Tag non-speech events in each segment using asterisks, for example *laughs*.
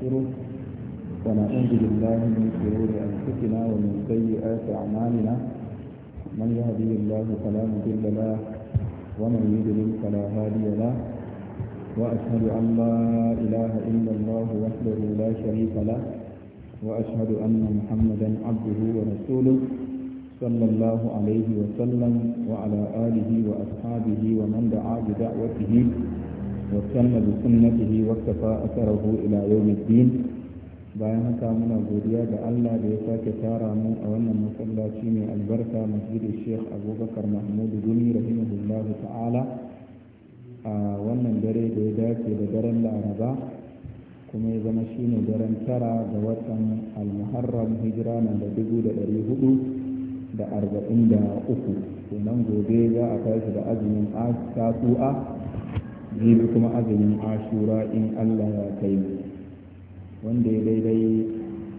ونستغفره ونعوذ بالله من شرور أنفسنا ومن سيئات أعمالنا من يهدي الله فلا مضل له ومن يضلل فلا هادي له وأشهد أن لا إله إلا الله وحده لا شريك له وأشهد أن محمدا عبده ورسوله صلى الله عليه وسلم وعلى آله وأصحابه ومن دعا بدعوته واستنى بسنته واكتفى أثره إلى يوم الدين bayan haka muna godiya ga Allah da ya sake tara mu a wannan masallaci mai albarka masjidin Sheikh Abubakar Mahmud Gumi rahimahullah ta'ala a wannan dare da ya dace da daren Laraba kuma ya zama shine daren tara ga watan Al-Muharram hijira na da dubu da ɗari hudu da arba'in da uku kenan gobe za a tashi da azumin tasu'a jibi kuma azumin ashura in allah ya kai mu wanda ya daidai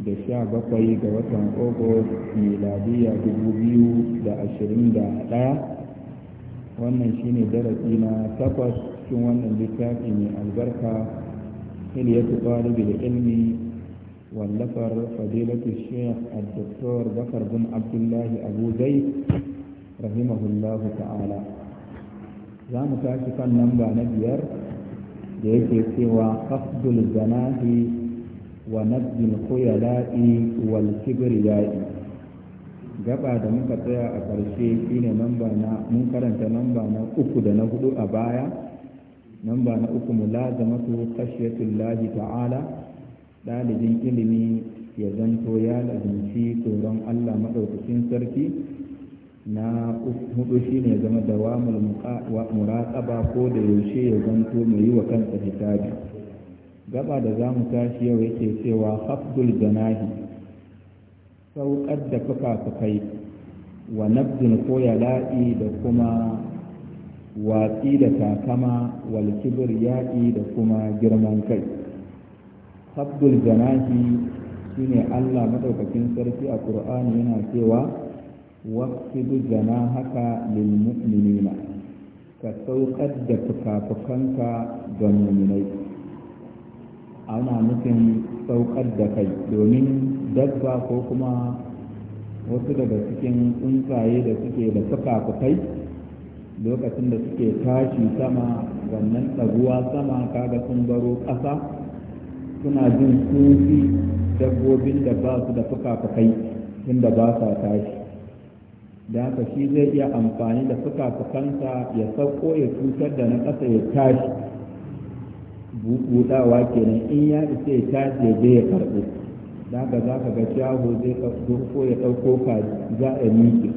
da sha bakwai ga watan ogos miladiya dubu biyu da ashirin da ɗaya wannan shine darasi na takwas cikin wannan littafi mai albarka hilyatu ɗalibi da ilmi wallafar fadilatu shekh al-doktor bakar bin abdullahi abu zai rahimahullahu ta'ala za mu tashi kan lamba na biyar da yake cewa qasdul zanahi wa koya khuyala'i wal kibriya'i gaba da muka tsaya a ƙarshe shine namba na mun karanta lamba na uku da na hudu a baya lamba na uku mulazamatu khashiyatullahi ta'ala dalibin ilimi ya zanto ya lazimci tsoron Allah maɗaukacin sarki na hudu shi ne zama da muraƙaba ko da yaushe ya zanto mai yi wa kansa hisabi gaba da za mu tashi yau yake cewa hafdul janahi sauƙar da fuka-fukai wa nabdin ko ya la'i da kuma watsi da takama wal kibir ya'i da kuma girman kai hafdul janahi ne allah maɗaukakin sarki a ƙur'ani yana cewa haka, saukar da للمؤمنين ga Muminai? Ana nufin saukar da kai domin dabba ko kuma wasu daga cikin tsuntsaye da suke da fuka-fukai lokacin da suke tashi sama wannan tsaruwa sama kaga sun baro ƙasa suna jin sufi dabbobin da ba su da fuka-fukai tunda ba sa tashi da haka shi zai iya amfani da fuka-fukansa ya sauko ya cutar da na ƙasa ya tashi buɗawa kenan in ya isa ya tashi ya je ya karɓo da haka za ka ga shaho zai ko ya ɗauko ka za a miƙe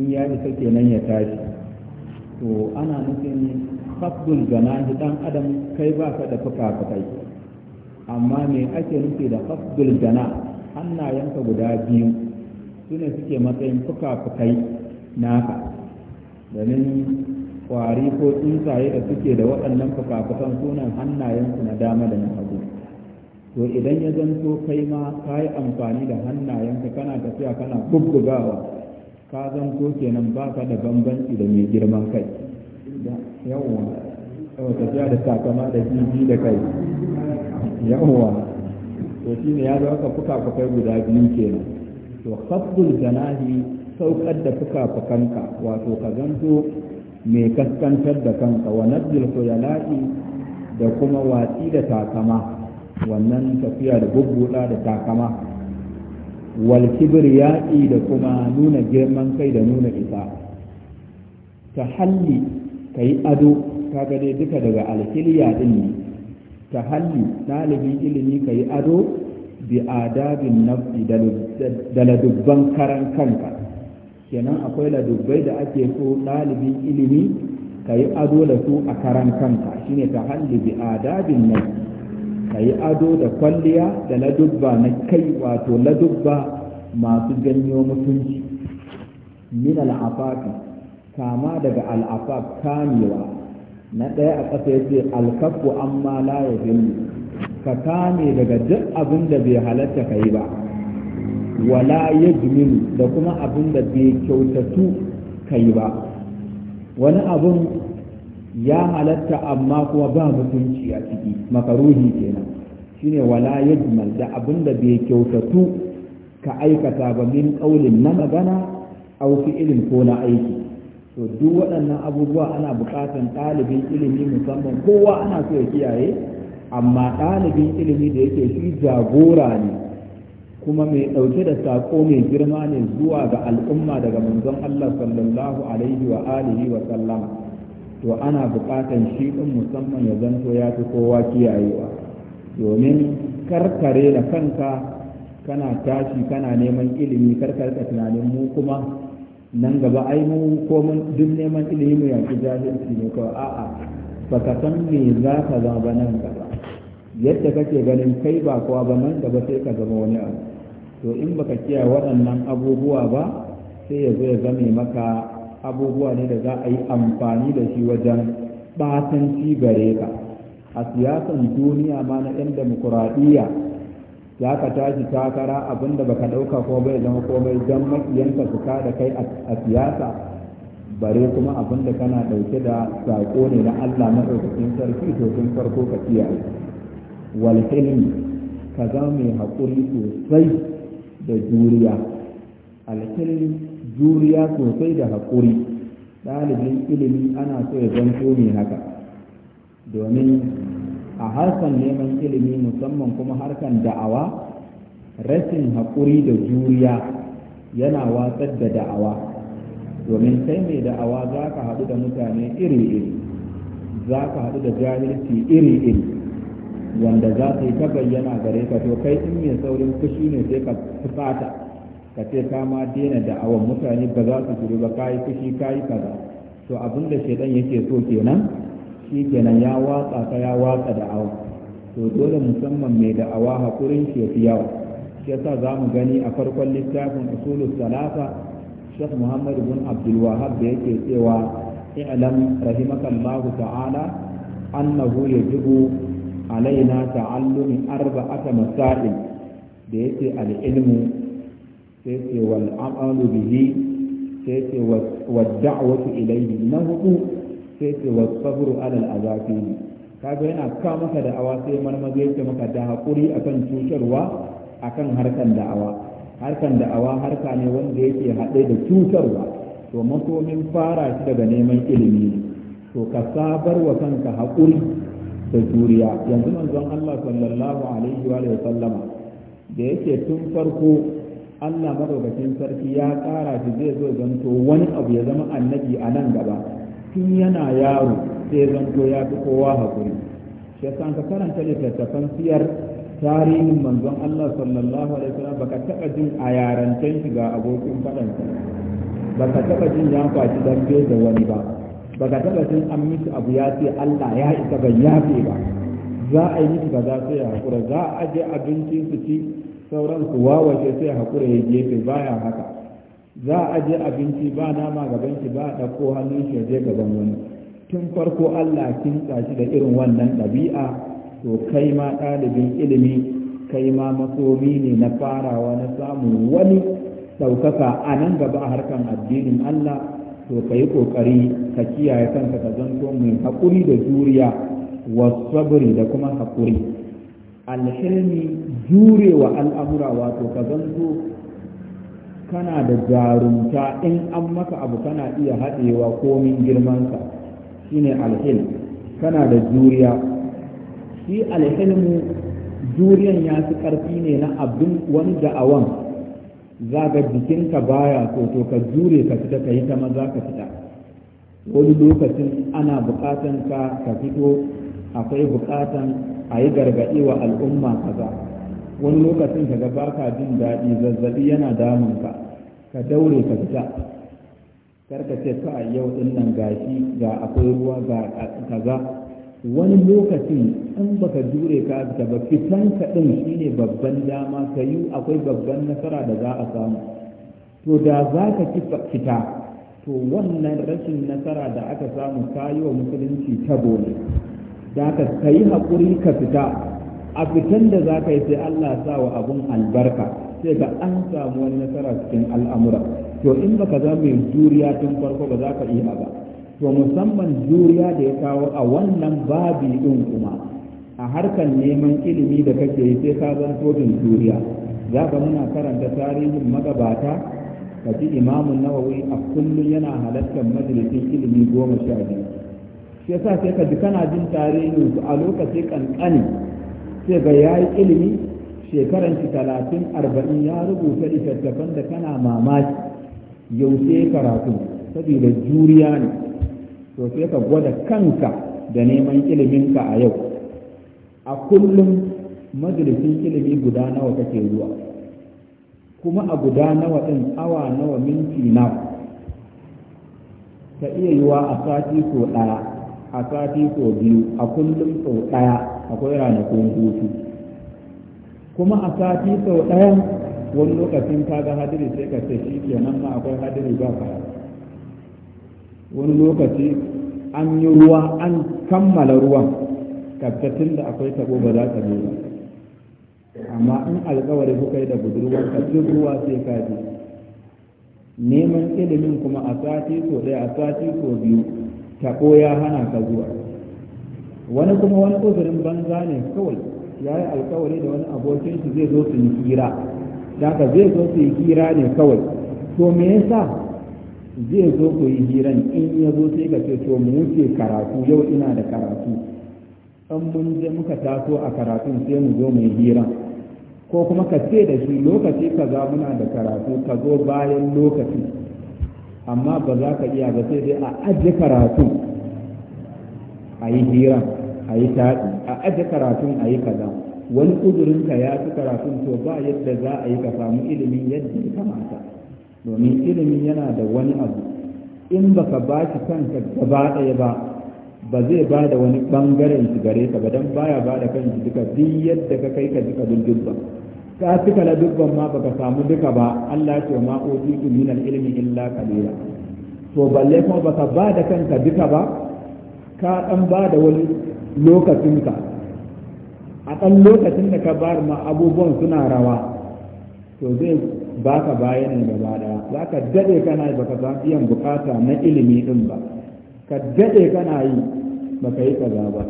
in ya isa kenan ya tashi to ana nufin gana shi ɗan adam kai ba ka da fuka-fukai amma me ake nufi da kafdul gana hannayenka guda biyu su ne suke matsayin fuka-fukai naka domin kwari ko tsuntsaye da suke da waɗannan fuka-fukan sunan hannayensu na dama da na hagu to idan ya zanto kai ma ka yi amfani da hannayenka kana tafiya kana bubbugawa ka zanto kenan ka da bambanci da mai girman kai yawwa yawwa tafiya da sakama da jiji da kai yawwa to shi ne ya zama ka fuka-fukai guda biyu kenan to khabbul janahi saukar da fuka-fukanka wato ka zanto mai kaskantar da kanka wa nabdil khuyala'i da kuma watsi da takama wannan tafiya da bubbuda da takama wal yaƙi da kuma nuna girman kai da nuna isa ta halli ka yi ado kaga dai duka daga alkiliya din ne ta halli ɗalibin ilimi ka yi ado bi adabin nafsi da ladubban karan kanka kenan akwai ladubbai da ake so ɗalibin ilimi ka yi ado da su a karan kanka shine ka halli bi adabin nafsi ka yi ado da kwalliya da ladubba na kai wato ladubba masu ganyo mutunci min al'afafi kama daga al'afaf kamewa na ɗaya a ƙasa ya ce alkafu amma la ya ka kame daga duk abin da bai halatta ka yi ba wala ya da kuma abin da bai kyautatu ka yi ba wani abin ya halatta amma kuma ba mutunci a ciki makaruhi kenan shine wala ya da abin da bai kyautatu ka aikata ba min ƙaulin na magana au ilin ko na aiki to duk waɗannan abubuwa ana buƙatar ɗalibin ilimi musamman kowa ana so ya kiyaye amma ɗalibin ilimi da yake shi jagora ne kuma mai ɗauke da sako mai girma ne zuwa ga al'umma daga manzon Allah sallallahu alaihi wa alihi wa sallama to ana buƙatan shi ɗin musamman ya zanto ya fi kowa kiyayewa domin karkare da kanka kana tashi kana neman ilimi da tunanin mu kuma nan gaba ai mu ko mun duk neman ilimi mu yanki jahilci ne kawai a'a baka san me za ka zama nan yadda kake ganin kai ba kowa ba nan gaba sai ka zama wani abu to in baka kiyaye waɗannan abubuwa ba sai ya zo ya zame maka abubuwa ne da za a yi amfani da shi wajen ɓatanci gare ka a siyasan duniya ma na 'yan demokuraɗiyya za ka tashi takara abin da baka ɗauka ko bai zama komai don makiyanka su da kai a siyasa bare kuma abin da kana ɗauke da saƙo ne na Allah maɗaukakin sarki to tun farko ka kiyaye walhilmi kaza ka mai haƙuri sosai da juriya alhilmi juriya sosai da haƙuri ɗalibin ilimi ana so ya zanto mai haka domin a harkar neman ilimi musamman kuma harkar da'awa rashin haƙuri da juriya yana watsar da da'awa domin kai mai da'awa za ka haɗu da mutane iri-iri za ka haɗu da jahilci iri-iri wanda za ta yi ta bayyana gare ka to kai in mai saurin fushi ne sai ka fata ka ce ka ma daina da'awan mutane ba za su shiru ba kayi fushi kayi kaza to abin da shaidan yake so kenan shi kenan ya watsa ka ya watsa awon to dole musamman mai da'awa hakurin shi fi yawa shi yasa za mu gani a farkon littafin usulu salasa shek Muhammad bin abdulwahab da yake cewa i'lam rahimakallahu ta'ala annahu yajibu alaina ta'allumi arba'ata masail da yake al-ilmu sai ce wal amalu bihi sai ce wad da'watu ilayhi na sai ce sabru ala al kaga yana ka maka da'awa sai marmazo yake maka da hakuri akan cutarwa akan harkan da'awa harkan da'awa harka ne wanda yake haɗe da cutarwa to makomin fara shi daga neman ilimi to ka sabar wa kanka haƙuri da juriya yanzu manzon Allah sallallahu alaihi wa sallama da yake tun farko Allah madaukakin sarki ya kara shi zai zo zanto wani abu ya zama annabi a nan gaba tun yana yaro sai zanto ya fi kowa hakuri shi san ka karanta littattafan siyar tarihin manzon Allah sallallahu alaihi wasallam baka taba jin a yarantan shi ga abokin fadansa baka taba jin ya kwaci dambe da wani ba ba ga tabbacin an miki abu ya ce Allah ya isa ban ya ba za a yi miki ba za su ya haƙura za a je abincin su ci sauran su wawace sai haƙura ya gefe baya haka za a je abinci ba nama gaban shi ba a ɗauko hannun shi ya je gaban wani tun farko Allah kin shi da irin wannan ɗabi'a to kai ma ɗalibin ilimi kai ma masomi ne na farawa na samun wani ɗaukaka a nan gaba a harkan addinin Allah to ka yi ƙoƙari ka kiyaye kanka ka zanto mai haƙuri da juriya wa sabri da kuma haƙuri alhilmi wa al'amura wato ka zanto kana da jarumta in an maka abu kana iya haɗewa komin girmansa shine alhilm kana da juriya shi alhilmu juriyan ya fi ƙarfi ne na abin wani da'awan za ga jikinka baya to to ka jure ka fita ka yi ta maza ka fita wani lokacin ana bukatan ka ka fito akwai bukatan a yi gargaɗi wa al'umma kaza wani lokacin ka ga baka jin daɗi zazzabi yana damun ka ka daure ka fita karka ka ce ka yau din gashi ga akwai ruwa ga kaza wani lokacin in baka jure ka azka ba fitan ka din shine babban dama ka yi akwai babban nasara da za a samu to da za ka ki fita to wannan rashin nasara da aka samu ka yi wa musulunci ta ne da ka yi haƙuri ka fita a fitan da za ka yi sai Allah sa wa abun albarka sai ga an samu wani nasara cikin al'amura to in baka za mai juriya tun farko ba za ka iya ba to musamman juriya da ya kawo a wannan babi ɗin kuma a harkar neman ilimi da kake yi sai ka zan tobin juriya za ka muna karanta tarihin magabata ka ji imamun nawawi a kullum yana halartar majalisin ilimi goma sha biyu shi yasa sai ka ji kana jin tarihin su a lokacin kankani sai ga ya yi ilimi shekaran shi talatin arba'in ya rubuta littattafan da kana mamaki yaushe karatu saboda juriya ne to sai ka gwada kanka da neman iliminka a yau a kullum majalisin ilimi guda nawa kake zuwa kuma a guda nawa ɗin awa nawa minti nawa ta iya yiwa a sati sau ɗaya a sati sau biyu a kullum sau ɗaya akwai ranakun hutu kuma a sati sau ɗaya wani lokacin ka ga hadiri sai ka ce shi nan ma akwai hadiri ba karatu wani lokaci an yi ruwa an kammala ruwan kaftatin da akwai tabo ba za ka ba amma in alkawari kuka yi da budurwa ka duk ruwa sai ka ji neman ilimin kuma a sati so ɗaya a sati so biyu tabo ya hana ka zuwa wani kuma wani uzurin banza ne kawai ya yi alkawari da wani abokin shi zai zo su yi hira da zai zo su yi hira ne kawai to me yasa zai zo ku yi hiran in ya zo sai ka ce to mu wuce karatu yau ina da karatu an mun je muka taso a karatun sai mu zo mu yi hiran ko kuma ka ce da shi lokaci kaza muna da karatu ka zo bayan lokaci amma ba za ka iya ba sai dai a aje karatu a yi hiran a yi taɗi a aje karatun a yi kaza wani uzurinka ya fi karatun to ba yadda za a yi ka samu ilimin yadda ya kamata domin ilimi yana da wani abu in baka ba shi kanka gaba ɗaya ba ba zai ba da wani bangaren shi gare ka ba don baya ba da kanshi duka duk yadda ka kai ka duka duk dubba ka suka na dubban ma baka samu duka ba Allah ce ma utitu min ilmi illa qalila to balle kuma baka ba da kanka duka ba ka dan ba da wani lokacin ka a dan lokacin da ka bar ma abubuwan suna rawa to zai ba ka baya ne gaba daya za ka daɗe kana yi baka san iya bukata na ilimi ɗin ba ka daɗe kana yi baka yi kaza ba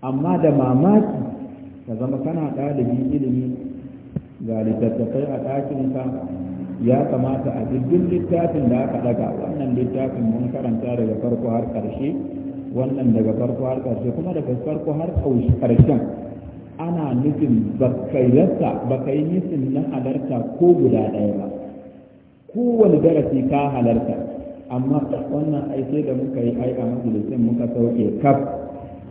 amma da mamaki ka zama kana ɗalibi ilimi ga littattafai a ɗakinka ya kamata a duk littafin da aka ɗaga wannan littafin mun karanta daga farko har ƙarshe wannan daga farko har ƙarshe kuma daga farko har ƙarshen ana nufin bakailarsa bakai nufin na halarta ko guda ɗaya ba kowane darasi ka halarta amma wannan aiki da muka yi ai a majalisin muka sauke kaf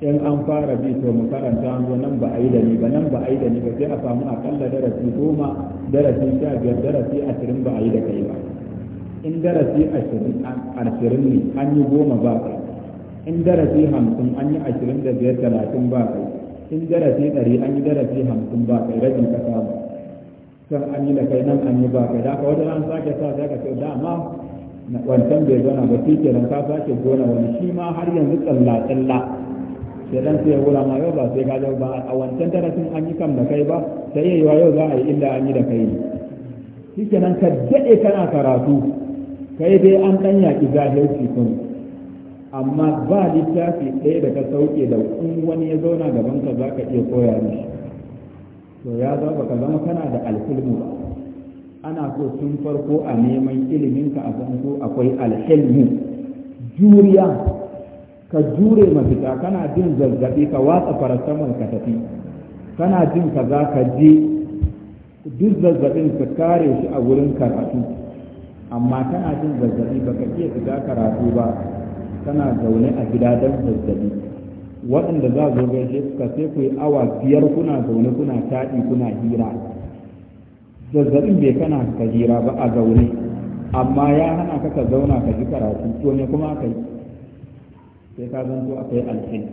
in an fara bi to mu karanta an zo nan ba a yi da ni ba nan ba a yi da ni ba sai a samu akalla darasi goma darasi sha biyar darasi ashirin ba a yi da kai ba in darasi ashirin ashirin ne an yi goma ba kai in darasi hamsin an yi ashirin da biyar talatin ba kai in darasi ɗari an yi darasi hamsin ba kai rajin ka samu kan an yi da kai nan an yi ba kai da wajen wata sake sa sai ka ce dama wancan bai zauna ba shi kenan ka sake gona wani shi ma har yanzu tsalla tsalla sai dan sai wura ma yau ba sai ka ba a wancan darasin an yi kam da kai ba sai yayi yau za a yi inda an yi da kai ne shi kenan ka daɗe kana karatu kai dai an ɗan yaƙi zahirci kuma amma ba littafi ɗaya da ka sauke da in wani ya zauna gaban ka za ka iya koya mishi to ya za ba ka zama kana da alhilmu ba ana so tun farko a neman ilimin ka a san ko akwai alhilmu juriya ka jure mafita kana jin zazzabi ka watsa farasamar ka tafi kana jin ka za ka je duk zazzabin ka kare shi a wurin karatu amma kana jin zazzabi ka iya fita karatu ba kana zaune a gida don zazzabi waɗanda za zo gaishe suka sai ku yi awa biyar kuna zaune kuna taɗi kuna hira zazzabin bai kana ka hira ba a zaune amma ya hana ka ka zauna ka ji karatu to ne kuma aka yi sai ka zanto yi alhin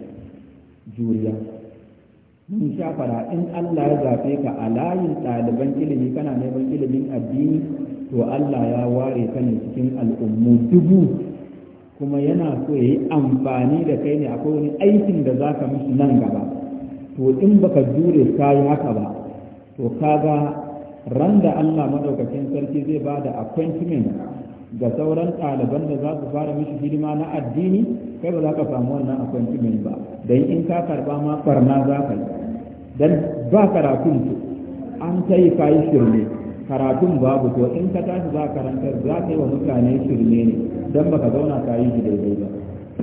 juriya mun sha fara in Allah ya zafe ka a layin ɗaliban ilimi kana neman ilimin addini to Allah ya ware ka ne cikin al'ummu dubu kuma yana so ya yi amfani da kai ne akwai wani aikin da za ka mishi nan gaba to in baka jure ka yi haka ba to kaga ran da Allah maɗaukacin sarki zai ba da appointment ga sauran ɗaliban da za su fara mishi hidima na addini kai ba za ka samu wannan appointment ba don in ka karba ma farna za ka yi don ba karatun su an ta yi yi shirme karatun babu to in ka tashi za ka rantar za ka yi wa mutane shirme ne dan baka zauna ka yi shi daidai ba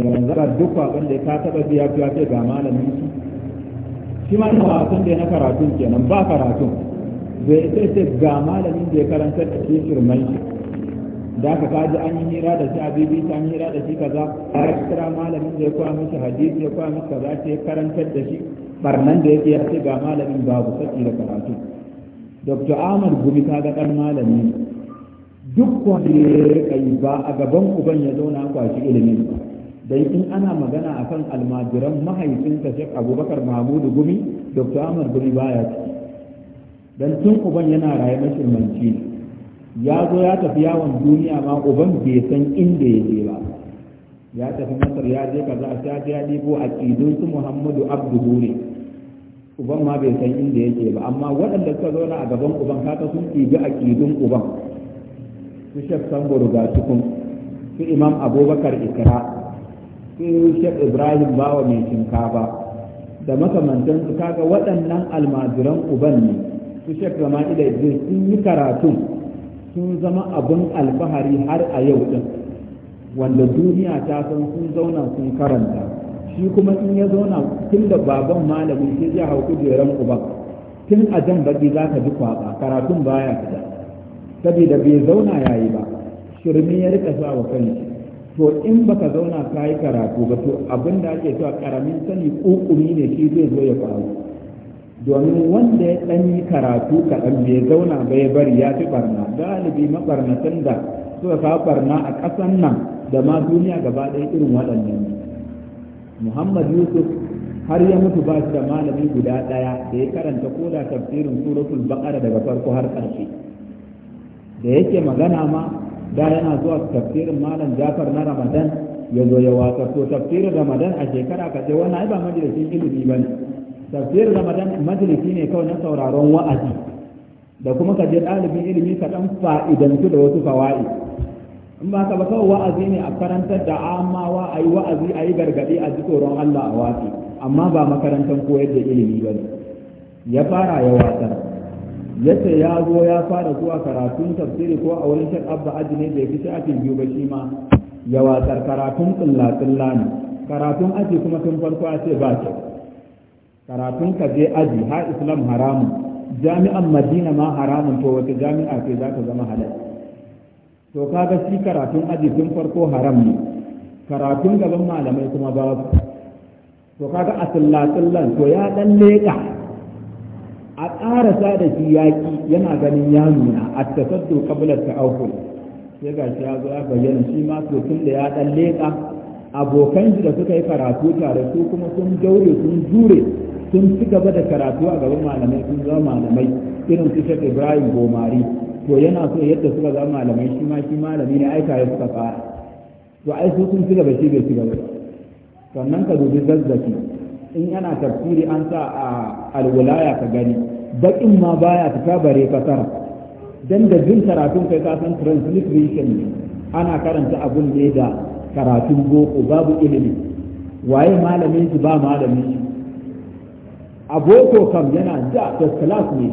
yanzu a duk kwaban da ka taɓa biya ya ce ga malamin shi shi ma ina sun da na karatun kenan ba karatun bai sai ce ga malamin da ya karanta da shi shirman shi da aka kaji an yi hira da shi a bibi an yi hira da shi kaza a kira malamin da ya kwa mishi hadisi ya kwa mishi kaza ce karantar da shi barnan da yake ya ce ga malamin babu saki da karatu dr ahmad gumi ta ga ɗan malami duk wanda ya rika yi ba a gaban uban ya zauna kwashi ilimin ba dai in ana magana akan almajiran mahaifinsa Sheikh Abubakar Mahmudu Gumi Dr. Ahmad Gumi baya ciki dan tun uban yana raye mashirmanci ne ya zo ya tafi yawon duniya ma uban bai san inda ya je ba ya tafi Masar ya je kaza ya je ya a aqidun su Muhammadu Abdu uban ma bai san inda yake ba amma waɗanda suka zauna a gaban uban kaka sun ɗibi aqidun uban su shek sambo ruga cikin su imam abubakar ikira su shek ibrahim bawa mai shinkafa da makamantan su kaga waɗannan almajiran uban ne su shek zama ila idris sun yi karatun sun zama abin alfahari har a yau din wanda duniya ta san sun zauna sun karanta shi kuma in ya zauna tun da baban malami sai ya hau kujeran uban tun a jan baki za ka ji kwaba karatun baya fita saboda bai zauna ya yi ba shirmi ya rika sa wa kanshi to in baka zauna ka yi karatu ba to abin da ake cewa karamin sani ƙuƙumi ne shi zai zo ya faru domin wanda ya ɗan yi karatu kaɗan bai zauna ba ya bari ya fi barna galibi mabarnatan da suka kawo barna a ƙasan nan da ma duniya gaba ɗaya irin waɗannan muhammad yusuf har ya mutu ba shi da malami guda ɗaya da ya karanta ko da tafsirin suratul baqara daga farko har ƙarshe da yake magana ma da yana zuwa tafsirin malam jafar na ramadan ya zo ya wasa to tafsirin ramadan a shekara ka ce wannan ai ba majalisin ilimi ba ne tafsirin ramadan majalisi ne kawai na sauraron wa'azi da kuma ka je ɗalibin ilimi ka ɗan fa'idantu da wasu fawa'i in ba ka ba kawai wa'azi ne a karantar da amawa a wa'azi a yi gargaɗi a ji tsoron allah a wasi amma ba makarantar koyar da ilimi ba ne ya fara ya wasar yace ya zo ya fara zuwa karatun tafsiri ko a wurin shek abba aji ne bai fi shafi biyu ba shi ma ya watsar karatun tsilla-tsilla ne karatun aji kuma tun farko a ce ba kyau karatun ka je aji ha islam haramun jami'an madina ma haramun to wata jami'a ce za ka zama halal to kaga shi karatun aji tun farko haram ne karatun gaban malamai kuma babu to kaga a tsilla-tsillan to ya dan leƙa a ƙarasa da shi yaƙi yana ganin ya nuna a tasaddu ta ta'awul sai ga shi ya zo ya bayyana shi ma to tun da ya ɗan leƙa abokan shi da suka yi karatu tare su kuma sun daure sun jure sun ci gaba da karatu a gaban malamai sun zama malamai irin su shek ibrahim gomari to yana so yadda suka zama malamai shi ma shi malami ne aika ya suka fara to ai su sun ci gaba shi bai ci gaba sannan ka dubi zazzaki in yana tafsiri an sa a alwulaya ka gani baƙin ma baya fita bare fasara dan da jin karatun kai ka san transliteration ne ana karanta abun ne da karatun boko babu ilimi waye malamin shi ba malamin shi a boko kam yana da first class ne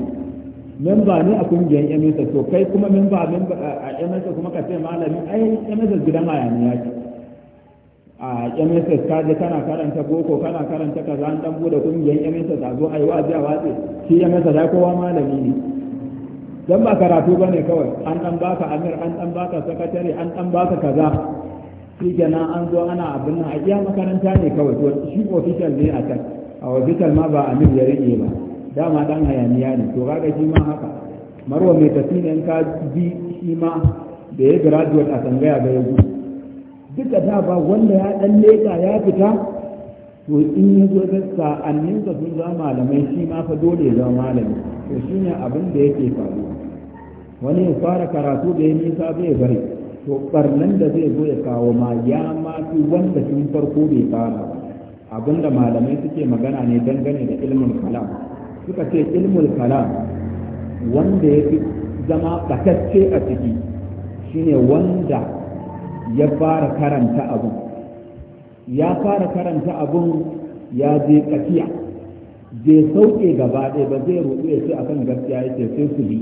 memba ne a kungiyar emesa to kai kuma memba a emesa kuma ka ce malami ai emesa gidan hayaniya ce a MSS ka je kana karanta boko kana karanta kaza an dan bude kungiyar MSS a zo ayi wa'azi a wace shi MSS ya kowa malami ne dan ba karatu bane kawai an dan baka amir an dan baka sakatare an dan baka kaza shi kenan an zo ana abin nan a iya makaranta ne kawai to shi official ne a can a official ma ba amir ya rike ba dama dan hayaniya ne to kaga shi ma haka marwa mai tafi ne in ka bi shi ma da ya graduate a tsangaya ga ya gudu duka da ba wanda ya dan leka ya fita to in ya zo da sa'annin ka sun zama malamai shi ma fa dole ya zama malami to shine abin da yake faruwa wani ya fara karatu da ya nisa bai bari to barnan da zai zo ya kawo ma ya ma fi wanda tun farko bai fara abin da malamai suke magana ne dangane da ilmin kalam suka ce ilmul kalam wanda ya fi zama batacce a ciki shine wanda ya fara karanta abun ya fara karanta abun ya je kafiya bai sauke gaba ɗaya ba zai rubu ya a kan gaskiya ya ce sai su bi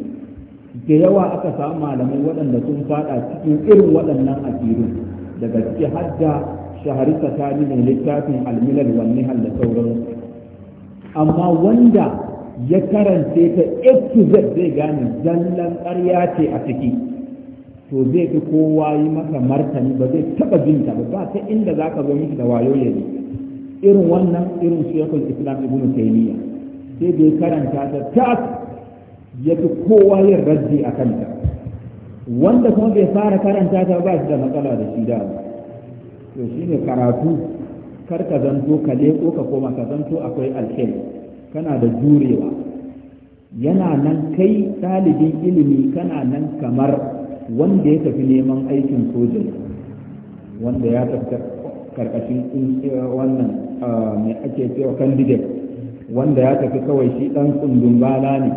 da yawa aka samu malamai waɗanda sun faɗa cikin irin waɗannan asirin daga ciki har da shahari tsakani mai littafin almilal wanne da sauran amma wanda ya karance ta f zai gane zallan ƙarya ce a ciki to zai fi kowa yi maka martani ba zai taba jin ta ba ta inda za ka zo miki da wayo ya ne irin wannan irin shekul islam ibnu taymiya sai bai karanta ta ta ya fi kowa yin raddi a kanta wanda kuma bai fara karanta ta ba shi da matsala da shi da to shine karatu kar ka zanto ka leko ka koma ka zanto akwai alheri kana da jurewa yana nan kai ɗalibin ilimi kana nan kamar wanda ya tafi neman aikin sojin wanda ya tafi karkashin wannan mai ake cewa candidate wanda ya tafi kawai shi ɗan tsundun bala ne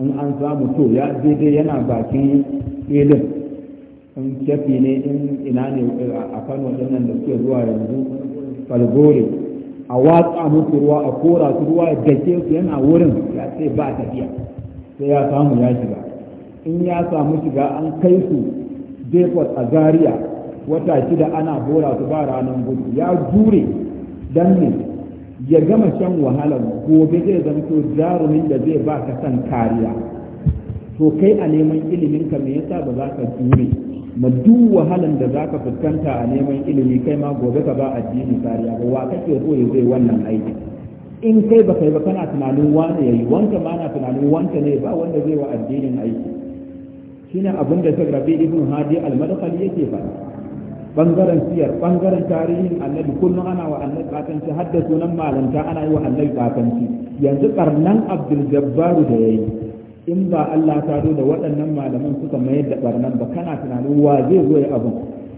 in an samu to ya daidai yana bakin filin in shafi ne in ina ne a kano dinnan da suke zuwa yanzu falgore a watsa musu ruwa a kora su ruwa da ke su yana wurin ya ce ba tafiya sai ya samu ya shiga in ya samu shiga an kai su depot a zaria wata shida ana bora su ba ranar gudu ya jure dan ne ya gama shan wahalar gobe zai zamto jarumin da zai ba ka san kariya to kai a neman ilimin ka me yasa ba za ka jure ma duk wahalan da za ka fuskanta a neman ilimi kai ma gobe ka ba addini kariya ba wa kake so ya zai wannan aiki in kai ba kai ba kana tunanin wane yayi wanka ma na tunanin wanka ne ba wanda zai wa addinin aiki shine abin da sai rabi ibn hadi al-madkhali yake faɗa bangaren siyar bangaren tarihin annabi kullum ana wa annabi katanci har sunan malanta ana yi wa annabi katanci yanzu karnan abdul jabbar da yayi in ba Allah ta zo da waɗannan malaman suka mayar da barnan ba kana tunanin wa zai zo ya abu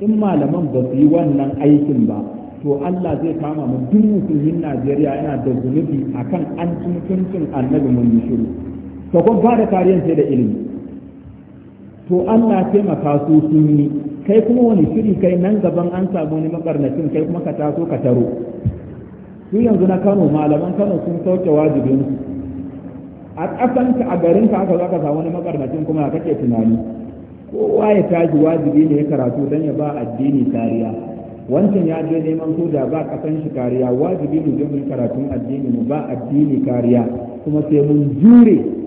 in malaman ba su yi wannan aikin ba to Allah zai kama mu duk musulmin Najeriya yana da zunubi akan an mutuncin annabi mun shiru to kun ba sai da ilimi to an Allah taimaka su sun yi kai kuma wani shiri kai nan gaban an samu wani makarnacin kai kuma ka taso ka taro su yanzu na Kano malaman Kano sun sauke wajibin su a ka a garin ka aka za ka samu wani makarnacin kuma ka kake tunani kowa ya tashi wajibi ne ya karatu dan ya ba addini kariya wancan ya je neman soja ba ƙasan shi kariya wajibi mu je mu karatun addini mu ba addini kariya kuma sai mun jure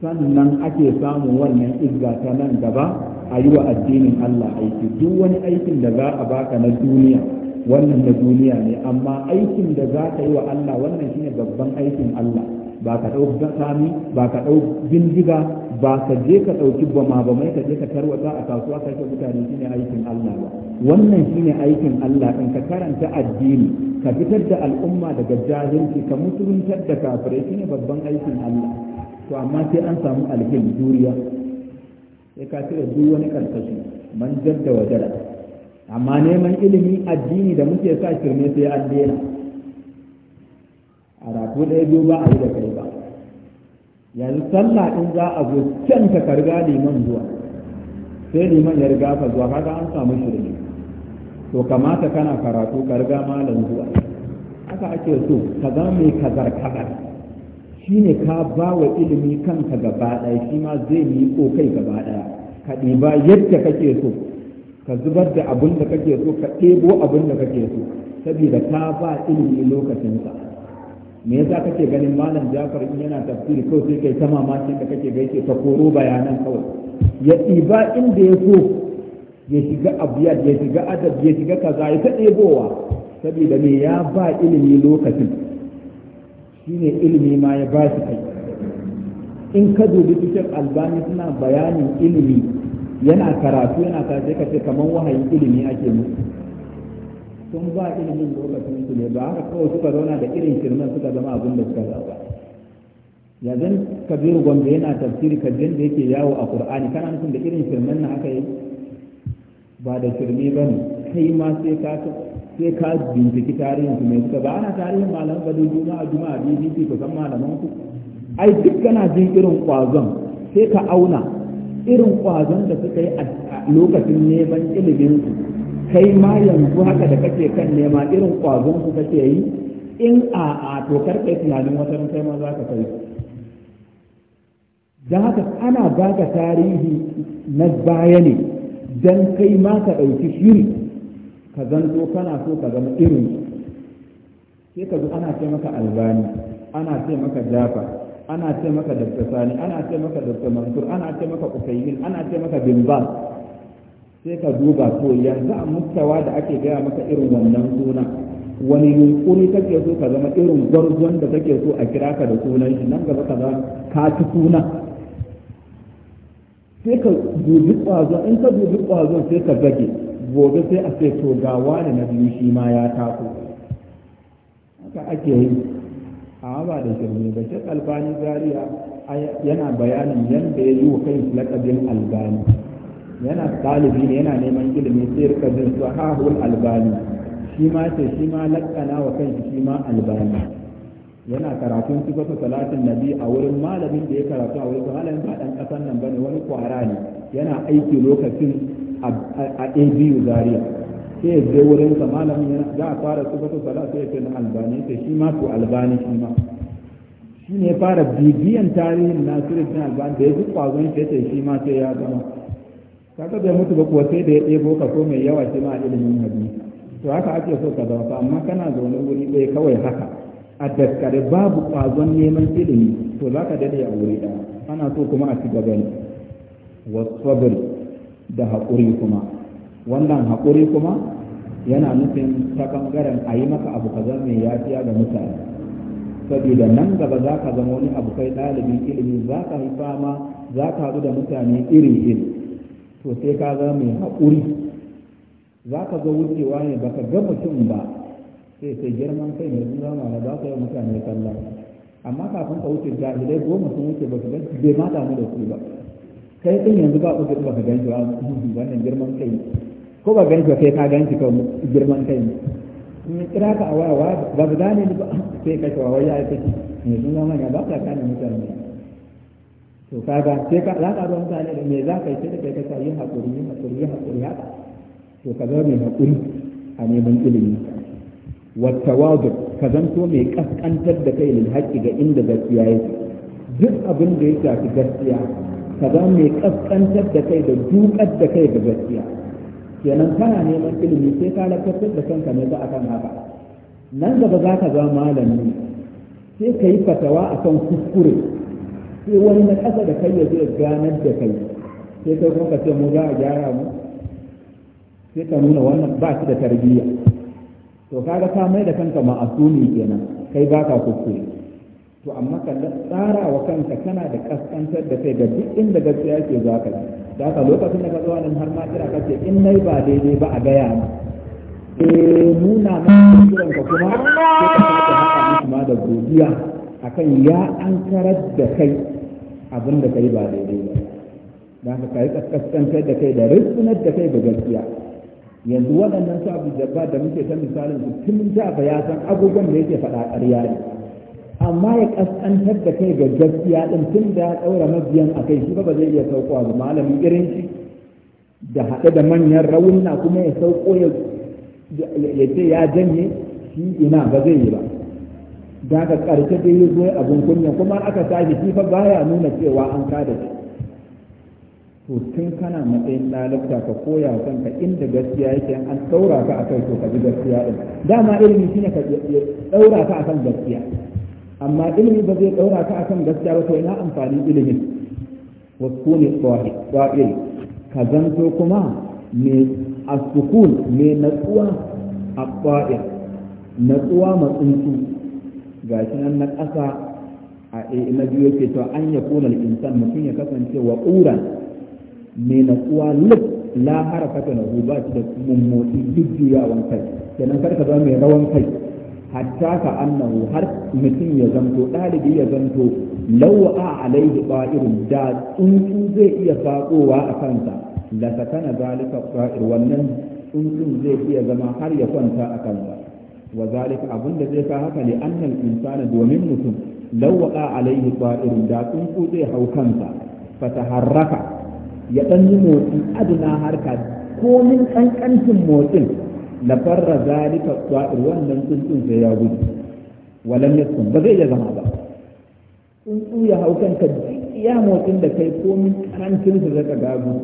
sannan ake samun wannan izga ta nan gaba a yi wa addinin Allah aiki duk wani aikin da za a baka na duniya wannan na duniya ne amma aikin da za ka yi wa Allah wannan shine babban aikin Allah ba ka ɗau sami ba ka ɗau bindiga ba ka je ka ɗauki bama ba mai ka je ka tarwata a kasuwa ka ce mutane shine aikin Allah ba wannan shine aikin Allah in ka karanta addini ka fitar da al'umma daga jahilci ka musuluntar da kafirai shine babban aikin Allah to amma sai an samu alhil juriya sai ka cire duk wani karkashi man jadda wa jada amma neman ilimi addini da muke sa shirme sai an daina a rafu ɗaya biyu ba a yi da kai ba yanzu sallah in za a zo can ka karga liman zuwa sai liman ya riga ka zuwa kaga an samu shirme to kamata kana karatu karga malam zuwa haka ake so ka zama mai kazar kazar Shi ne ka ba wa ilimi kanka gaba ɗaya shi ma zai yi ko kai gaba ɗaya ka ɗiba yadda kake so ka zubar da abin da kake so ka ɗebo abin da kake so saboda ka ba ilimi lokacinsa me yasa kake ganin malam jafar in yana tafsiri kawai sai kai ta mamakin da kake gaishe ta koro bayanan kawai ya ɗiba inda ya so ya shiga abiyar ya shiga adab ya shiga kaza ya ta ɗebowa saboda me ya ba ilimi lokacin shine ilimi ma ya ba su kai in ka dubi cikin albani suna bayanin ilimi yana karatu yana karatu ka ce kamar wahayin ilimi ake mutu sun ba ilimin lokacin su ne ba haka kawai suka zauna da irin shirman suka zama abin da suka zaba ya zan kabiru gombe yana tafsiri kabirin da yake yawo a qur'ani kana nufin da irin shirman na aka yi ba da shirme ba ne kai ma sai ka sai ka binciki tarihin su mai suka ba ana tarihin malaman ba juma'a juma'a bbc ku san malaman ku ai duk kana jin irin kwazon sai ka auna irin kwazon da suka yi a lokacin neman ilimin su kai ma yanzu haka da kake kan nema irin kwazon ku kake yi in a a to karɓe tunanin wata ran kai ma za ka kai don haka ana baka tarihi na baya ne don kai ma ka ɗauki shiri ka zanto kana so ka zama irin sai ka zo ana ce maka albani ana ce maka jafa ana ce maka dr sani ana ce maka dr mansur ana ce maka usaimin ana ce maka bimba sai ka duba to yanzu a mutawa da ake gaya maka irin wannan suna wani yunkuri kake so ka zama irin gwarzon da kake so a kira ka da sunan shi nan gaba ka za ka ci suna sai ka dubi kwazon in ka dubi kwazon sai ka zage gobe sai a ce to ga wani na biyu shi ma ya taso haka ake yi a ba da shirme ba shi albani zaria yana bayanin yadda ya yi wa kai lakabin albani yana talibi ne yana neman ilimi sai rika jin su hahun albani shi ma ce shi ma lakana wa kan shi ma albani yana karatun sifatu salatin nabi a wurin malamin da ya karatu a wurin malamin ba dan kasan nan bane wani kwara ne yana aiki lokacin a abu zaria sai ya je wurin sa malamin yana za a fara sifatu sala sai ya ce na albani sai shi ma to albani shi ma shi ne fara bibiyan tarihin nasiruddin albani da ya ji kwazon shi shi ma sai ya zama kaga bai mutu ba kuwa sai da ya ɗebo ko mai yawa shi ma a ilimin hadisi to haka ake so ka zama amma kana zaune wuri ɗaya kawai haka a daskare babu kwazon neman ilimi to za ka daɗe a wuri ɗaya ana so kuma a ci gaba ne wasabir da haƙuri kuma wannan haƙuri kuma yana nufin ta ɓangaren a yi maka abu kaza mai yafiya ga mutane saboda nan gaba za ka zama wani abu kai ɗalibin ilimi za ka yi fama za ka haɗu da mutane iri iri to sai ka zama mai haƙuri za ka zo wucewa ne ba ka ga mutum ba sai sai girman kai mai zama na za ka yi mutane kallon amma kafin ka wuce jahilai goma sun wuce ba su bai ma damu da su ba kai din yanzu ba ku ba ka ganci ba wannan girman kai ko ba ganci ba kai ka ganci ka girman kai ne kira ka a waya ba su gane ba *laughs* sai ka shawa waya ya kashi ne sun zama ya ba ka kana mutane to kaga sai ka za ka zo mutane da me za ka yi sai kai ka sa yi haƙuri yi haƙuri yi haƙuri haka to ka zama mai haƙuri a neman ilimi wattawadu ka zanto mai kaskantar da kai lil haƙƙi ga inda gaskiya yake duk abin da ya shafi gaskiya ka ba mai kaskantar da kai da dukar da kai da gaskiya kenan kana neman ilimi sai ka lakatar da kanka ne ba akan haka nan gaba za ka za malami sai ka yi fatawa a kan kuskure sai wani na ƙasa da kai ya zai ganar da kai sai kai kuma ka ce mu za a gyara mu sai ka nuna wannan ba shi da tarbiyya to kaga ka mai da kanka ma'asumi kenan kai ba ka kuskure to amma ka tsara wa kanka kana da kaskantar da kai ga duk inda gaskiya ke za ka ji da haka lokacin da ka zo nan har ma kira ka ce in nai ba daidai ba a gaya ma eh nuna ma kiran ka kuma ko ka ta haka ma da godiya akan ya an karar da kai abin da kai ba daidai ba da haka ka kaskantar da kai da rissunar da kai ga gaskiya yanzu waɗannan su abu da muke ta misalin su tun da ba ya san abubuwan da yake faɗa ƙarya ne amma ya kaskantar da kai ga gaskiya din tun da ya ɗaura mabiyan a kai shi ba zai iya saukowa ba malamin irin shi da haɗe da manyan raunna kuma ya sauko ya ce ya janye shi ina ba zai yi ba da ƙarshe da ya zo abin kunya kuma aka tashi shi fa baya nuna cewa an kada shi to tun kana matsayin lalata ka koya kanka inda gaskiya yake an ɗaura ka akai to ka ji gaskiya din dama ilimi shine ka ɗaura ka akan gaskiya amma ilimi ba zai ɗaura ka kan gaskiya ba sai na amfani ilimin wasu ne tsawil ka zanto kuma mai asukun me natsuwa a tsawil natsuwa matsuntsu ga shi nan na ƙasa a e, na biyu yake to an ya kuna insan mutum ya kasance wa ƙura mai natsuwa lif la ta na ba shi da duk juyawan kai kenan karka zama mai rawan kai hatta ka annahu har mutum ya zanto ɗalibi ya zanto lawa'a alaihi ba'irin da tsuntsu zai iya faɗowa a kansa la zalika ba'ir wannan tsuntsun zai iya zama har ya kwanta a kansa wa zalika abin da zai fa haka ne annal insana domin mutum lawa'a alaihi ba'irin da tsuntsu zai hau kansa fataharraka ya ɗan yi motsi adana harka komin ƙanƙancin motsin la farra zalika tsawir wannan tsuntsun sai ya gudu walam yaskun ba zai iya zama ba tsuntsu ya hau kanka ya motsin da kai komin karancin su zaka gago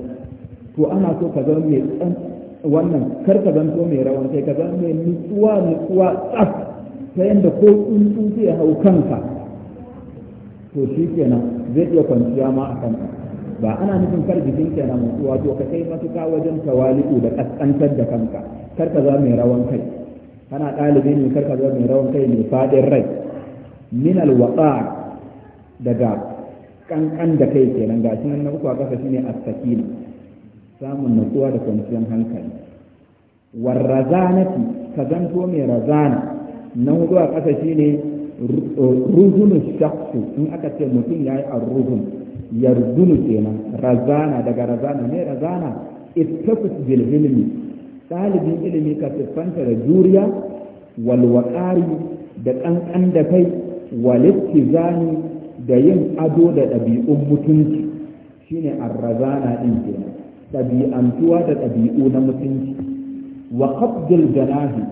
to ana so ka zama mai tsan wannan kar ka zanto mai rawan kai ka zama mai nutsuwa nutsuwa tsaf ta yadda ko tsuntsu zai hau kanka to shi kenan zai iya kwanciya ma a kanka ba ana nufin kar jikin kenan mutuwa to ka kai matuka wajen tawali'u da ƙasƙantar da kanka kar ka mai rawan kai kana ɗalibi ne kar ka mai rawan kai mai faɗin rai min alwaɗa daga ƙanƙan da kai kenan ga shi nan na uku a ƙasa shine sakina samun natsuwa da kwanciyar hankali warrazanati ka zanto mai razana na hudu a ƙasa shine ruhunu shakku in aka ce mutum ya yi a arruhun yardunu kenan razana daga razana ne razana ittakus bil ilmi ɗalibin ilimi ka siffanta da juriya walwaƙari da ƙanƙan da kai walittizani da yin ado da ɗabi'un mutunci shine arrazana ɗin kenan ɗabi'antuwa da ɗabi'u na mutunci wa qabdul janahi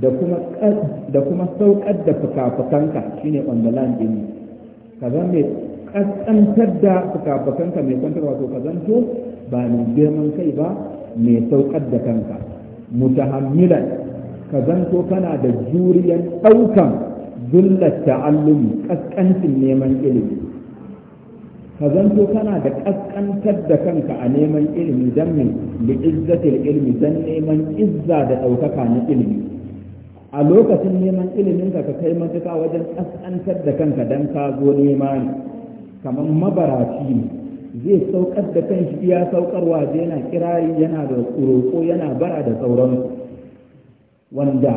da kuma da kuma saukar da fukafukanka shine on the land ɗin ka zama kaskantar da fukafukanka mai kwantar wato ka zanto ba mai girman kai ba mai saukar da kanka mutahammilan ka zanto kana da juriyan ɗaukan zullar ta'allumi ƙasƙancin neman ilimi Kazanto kana da ƙasƙantar da kanka a neman ilimi don min li'izzatil ilmi don neman izza da ɗaukaka na ilimi a lokacin neman iliminka ka kai matuƙa wajen ƙasƙantar da kanka don ka zo nema ne kamar mabaraci ne zai saukar da kan shi iya saukarwa yana kirari yana da roƙo yana bara da sauran wanda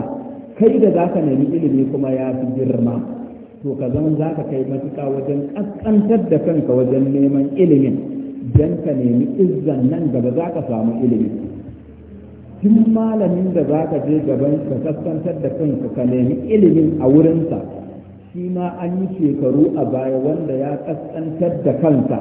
kai da za ka nemi ilimi kuma ya fi girma to ka zan za ka kai matuƙa wajen ƙasƙantar da kanka wajen neman ilimin don ka nemi izzan nan gaba za ka samu ilimi. tun malamin da za ka je gaban ka ƙasƙantar da kanka ka nemi ilimin a wurinsa shi ma an yi shekaru a baya wanda ya ƙasƙantar da kansa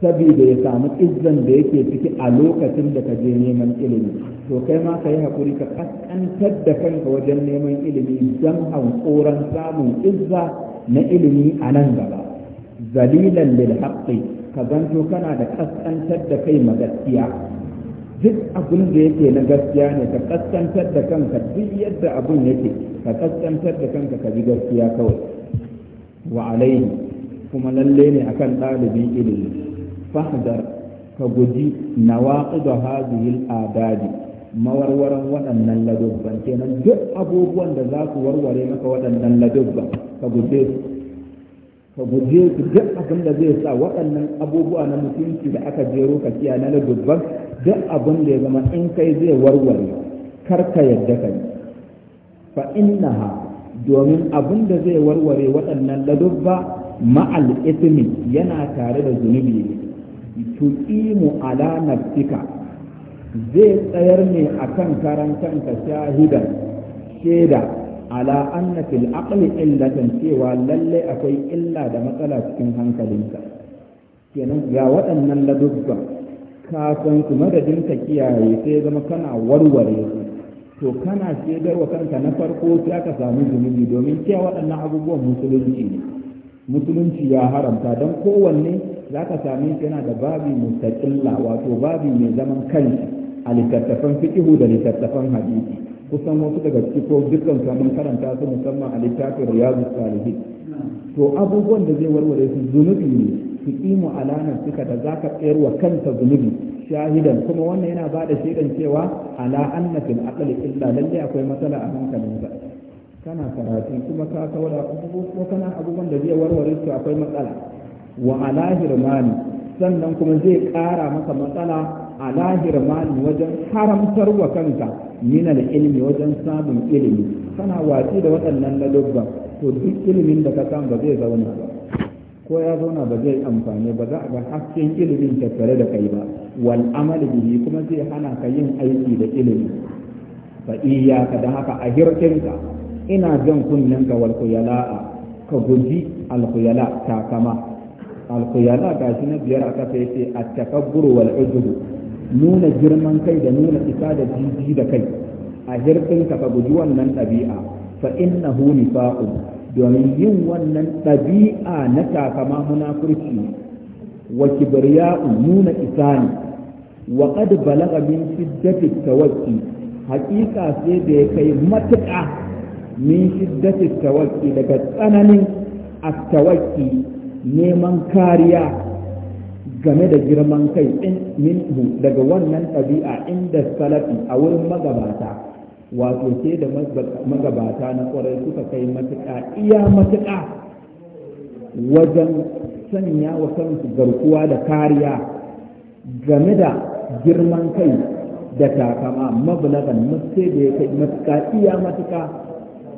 saboda ya samu izzan da yake ciki a lokacin da ka je neman ilimi to kai ma ka yi haƙuri ka ƙasƙantar da kanka wajen neman ilimi don hankoran samun izza na ilimi a nan gaba zalilan lil haƙƙi ka zanto kana da ƙasƙantar da kai ma gaskiya duk abin da yake na gaskiya ne ka ƙasƙantar da kanka duk yadda abin yake ka ƙasƙantar da kanka ka ji gaskiya kawai wa alaihi kuma lalle ne akan ɗalibin ilimi fahdar ka guji nawaqidu hadhihi al-adadi mawarwaran waɗannan ladubban kenan duk abubuwan da za ku warware maka waɗannan ladubban ka guje su ka guje su duk abin da zai sa waɗannan abubuwa na mutunci da aka jero ka kiya na ladubban duk abin da ya zama in kai zai warware kar ka yadda ka yi fa innaha domin abin da zai warware waɗannan ladubba ma'al ismi yana tare da zunubi ne tuqimu ala nafsika zai tsayar ne akan karan kanka shahidan shaida ala anna fil aqli illatan cewa lalle akwai illa da matsala cikin hankalinka kenan ga waɗannan ladubba ka san su madadin ka kiyaye sai zama kana warware su to kana shaidarwa kanka na farko sai aka samu zunubi domin cewa waɗannan abubuwan musulunci ne musulunci ya haramta don kowanne za ka same shi yana da babi mustaqilla wato babi mai zaman kanshi a littattafan fiƙihu da littattafan hadisi kusan wasu daga ciki ko dukkan samun karanta su musamman a littafin riyazu salihi to abubuwan da zai warware su zunubi ne su mu alanar suka da za ka tsayar wa kanta zunubi shahidan kuma wannan yana ba da shaidan cewa ala anna fil aqli illa lalle akwai matsala a hankalinsa kana karatu kuma ka saura kuma kana abubuwan da zai warware su akwai matsala wa alahir mani sannan kuma zai kara maka matsala alahir mani wajen haramtar wa kanka min ilmi wajen samun ilimi kana watsi da waɗannan ladubba to duk ilimin da ka samu ba zai zauna ba ko ya zauna ba zai amfani ba za a ga hakkin ilimin tattare da kai ba wal amal bihi kuma zai hana ka yin aiki da ilimi fa iyyaka da haka a hirkinka ina jan kunnen ka wal khuyala'a ka guji alƙuyala takama alƙuyala gashi na biyar a sai ce a takabburu wal nuna girman kai da nuna isa da jiji da kai a hirfin ka ka guji wannan ɗabi'a fa innahu nifaqun domin yin wannan ɗabi'a na takama munafurci wa kibriya'u nuna isa ne wa qad balagha min shiddati tawakki haƙiƙa sai da ya kai matuƙa min shiddati tawakki daga tsananin attawakki neman kariya game da girman kai in minhu daga wannan ɗabi'a inda salafi a wurin magabata wato sai da magabata na kwarai suka kai matuƙa iya matuƙa wajen sanya wa kansu garkuwa da kariya game da girman kai da takama mablagan sai da ya kai matuƙa iya matuƙa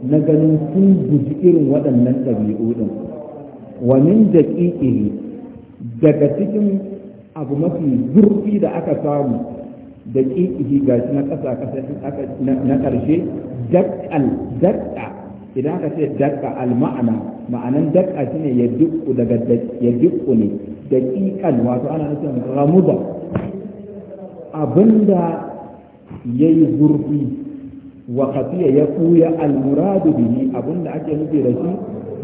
na ganin sun guji irin waɗannan ɗabi'u ɗin wa min daƙiƙihi daga cikin abu mafi zurfi da aka samu da ƙiƙihi ga shi na ƙasa ƙasa na ƙarshe daƙal daƙa idan aka ce daƙa al-ma'ana ma'anan daƙa shine ya dukku daga ya dukku ne daƙiƙan wato ana nufin ramuda abinda yi zurfi wa kafiya ya kuya almuradu bihi abunda ake nufi da shi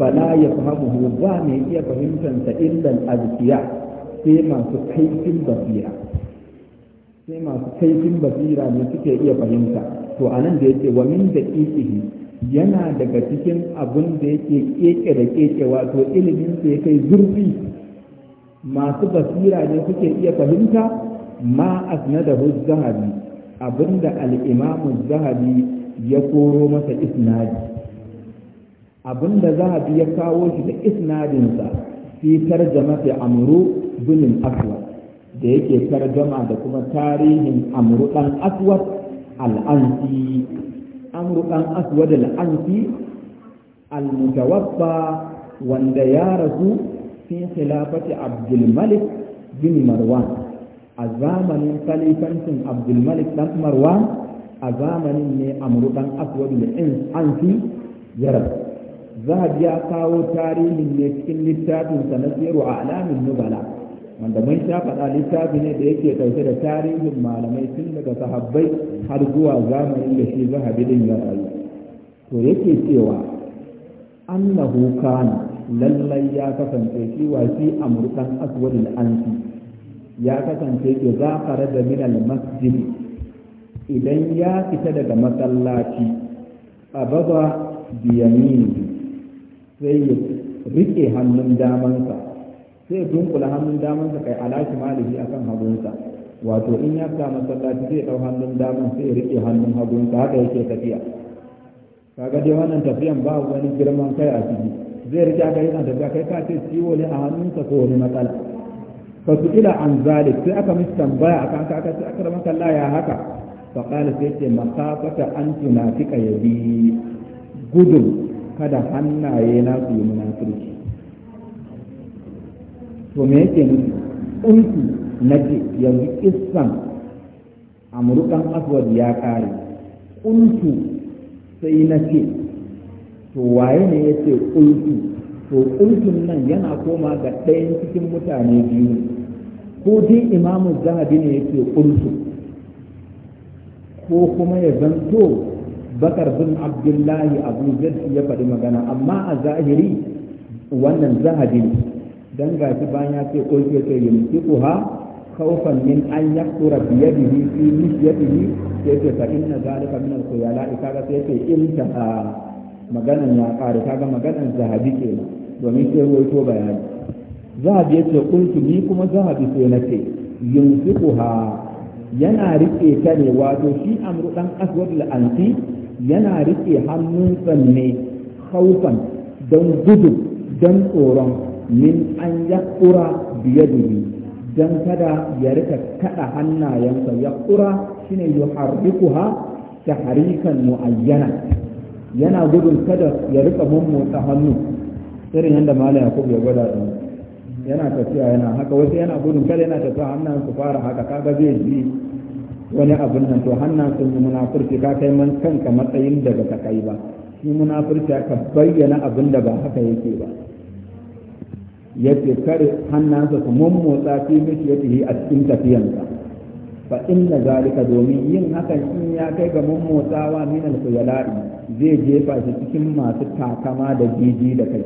fala ya fahimu ba mai iya fahimtansa al azkiya sai masu kaifin basira sai masu kaifin basira ne suke iya fahimta to anan da yake wa min da yana daga cikin abun da yake keke da keke wato ilimin sa ya kai zurfi masu basira ne suke iya fahimta ma asnadahu zahabi abinda al-imamu zahabi ya koro masa isnadi abinda zahabi ya kawo shi da isnadinsa fi tarjama fi amru bin aswad da yake tarjama da kuma tarihin amru dan aswad al'ansi amru dan aswad al'ansi al-mutawaffa wanda ya rasu fi khilafati abdul malik bin marwan a zamanin khalifancin abdul malik dan marwan a zamanin ne a dan aswad in an fi yarab zahab ya kawo tarihin ne cikin littafin na siru a alamin nubala wanda mun sha faɗa littafi ne da yake ɗauke da tarihin malamai tun daga sahabbai har zuwa zamanin da shi zahabi din ya rayu to yake cewa annahu kana lallai ya kasance shi wa shi amurkan aswadul ansi ya kasance ke zakara da minal masjidi idan ya fita daga masallaci a baza biyamin sai ya rike hannun damansa sai dunkula hannun damansa kai alashi malihi akan hagunsa wato in ya fita masallaci zai dau hannun daman sai ya rike hannun hagunsa haka yake tafiya kaga dai wannan tafiyan ba wani girman kai a ciki zai rike haka yana tafiya kai ka ce ciwo ne a hannunsa ko wani matsala fa su ila an zalik sai aka mishi tambaya akan aka aka aka maka ya haka faƙala sai ce makafata an tunafika ya bi gudun kada hannaye na su yi munafurci to me yake nufi ƙunsu na ce yanzu isan amurkan aswad ya ƙare ƙunsu sai na ce to waye ne ya ce ƙunsu to ƙulfin nan yana koma ga ɗayan cikin mutane biyu ko dai imamu zahabi ne ce ƙunsu ko kuma ya zanto bakar bin abdullahi abu ya faɗi magana amma a zahiri wannan zahadi don ga shi bayan ya ce ko ke ce yumsikuha khawfan min an biye da yi fi misyatihi yace fa inna zalika min al-khuyala ga sai ta intaha maganan ya ta ga maganan zahabi ke domin sai ruwaito bayani zahabi ce kuntu ni kuma zahabi sai na nace ha. yana riƙe ta ne wato shi amru dan aswad al-ansi yana riƙe hannunsa ne khaufan don gudu don tsoron min an yakura biyu don kada ya rika kaɗa hannayensa yakura shine yuharrikuha tahrikan muayyana yana gudun kada ya rika mummotsa hannu irin yadda malam yakub ya gwada din yana tafiya yana haka wasu yana gudun kada yana tafiya hannun su fara haka kaga zai ji wani abin nan to hannan sun yi munafurci ka kai man kanka matsayin da baka kai ba shi munafurci ka bayyana abin da ba haka yake ba yace kare hannansa su mummotsa fi mishiyatihi a cikin tafiyansa fa inna zalika domin yin hakan in ya kai ga motsawa min al zai jefa shi cikin masu takama da jiji da kai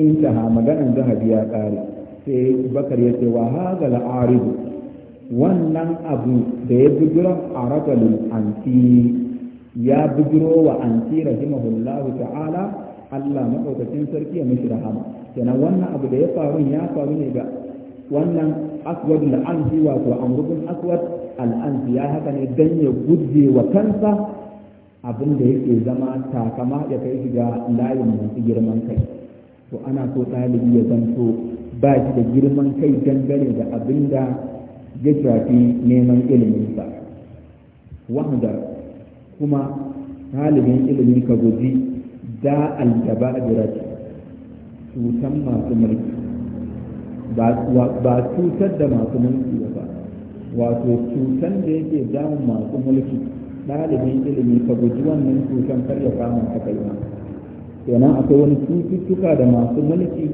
in ta ha maganan zahabi ya kare sai bakar yace wa hadha al wannan abu da ya bujiro a rajalin anti ya bujiro wa anti rahimahullahu ta'ala Allah maɗaukacin sarki ya mishi rahama kenan wannan abu da ya faru ya faru ne ga wannan aswad al-ansi wato amrubun aswad al'anzi ya haka ne dan ya guje wa kansa abin da yake zama takama ya kai shi ga layin masu girman kai to ana so ɗalibi ya zanto ba shi da girman kai dangane da abin da ya shafi neman iliminsa wanda kuma ɗalibin ilimi ka guji da aljaba dirati cutan masu mulki ba cutar da masu mulki ba wato cutan da yake damun masu mulki ɗalibin ilimi ka guji wannan cutan kar ya samun ta kai ma kenan akwai wani cututtuka da masu mulki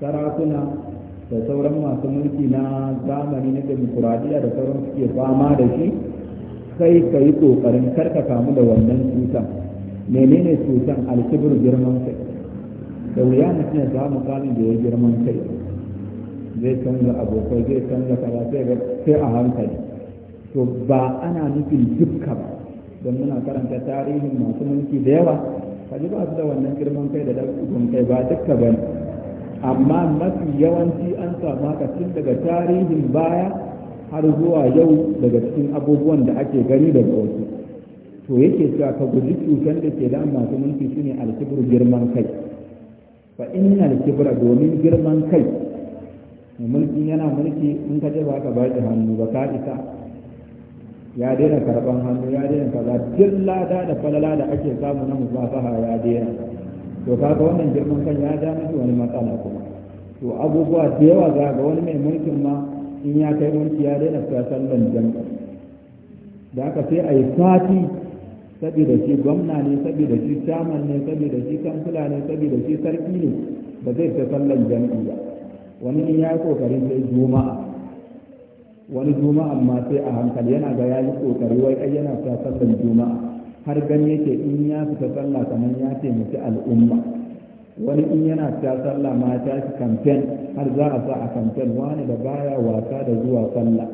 sarakuna da sauran masu mulki na zamani na demokuraɗiyya da sauran suke fama da shi kai ka yi ƙoƙarin karka kamu da wannan cutan menene cutan alkibir girman kai da wuya mutum ya samu kamun da ya girman kai zai canza abokai zai canza kaza sai ga sai a hankali to ba ana nufin dukka ba don muna karanta tarihin masu mulki da yawa kaji ba su da wannan girman kai da ɗaukakon kai ba dukka ba ne amma mafi yawanci an samu haka tun daga tarihin baya har zuwa yau daga cikin abubuwan da ake gani daga wasu to yake cewa ka guji cutar da ke da masu mulki shine alkibir girman kai fa inna alkibra domin girman kai mulkin yana mulki in ka je ba ka hannu ba ka isa ya daina karban hannu ya daina kaza duk lada da falala da ake samu na musafaha ya daina to kaga wannan girman kan ya ja miki wani matsala kuma to abubuwa da yawa za ga wani mai mulkin ma in ya kai mulki ya daina fita sallan jam'a da aka sai a yi sati saboda shi gwamna ne saboda shi chairman ne saboda shi kamfula ne saboda shi sarki ne ba zai fita sallan jam'i ba wani in ya yi kokarin sai juma'a wani juma'a ma sai a hankali yana ga ya yi kokari wai ai yana fita sallan juma'a har gani yake in ya fita sallah kamar ya taimaki al'umma wani in yana ta sallah ma ta shi kamfen har za a sa a kamfen wani da baya wasa da zuwa sallah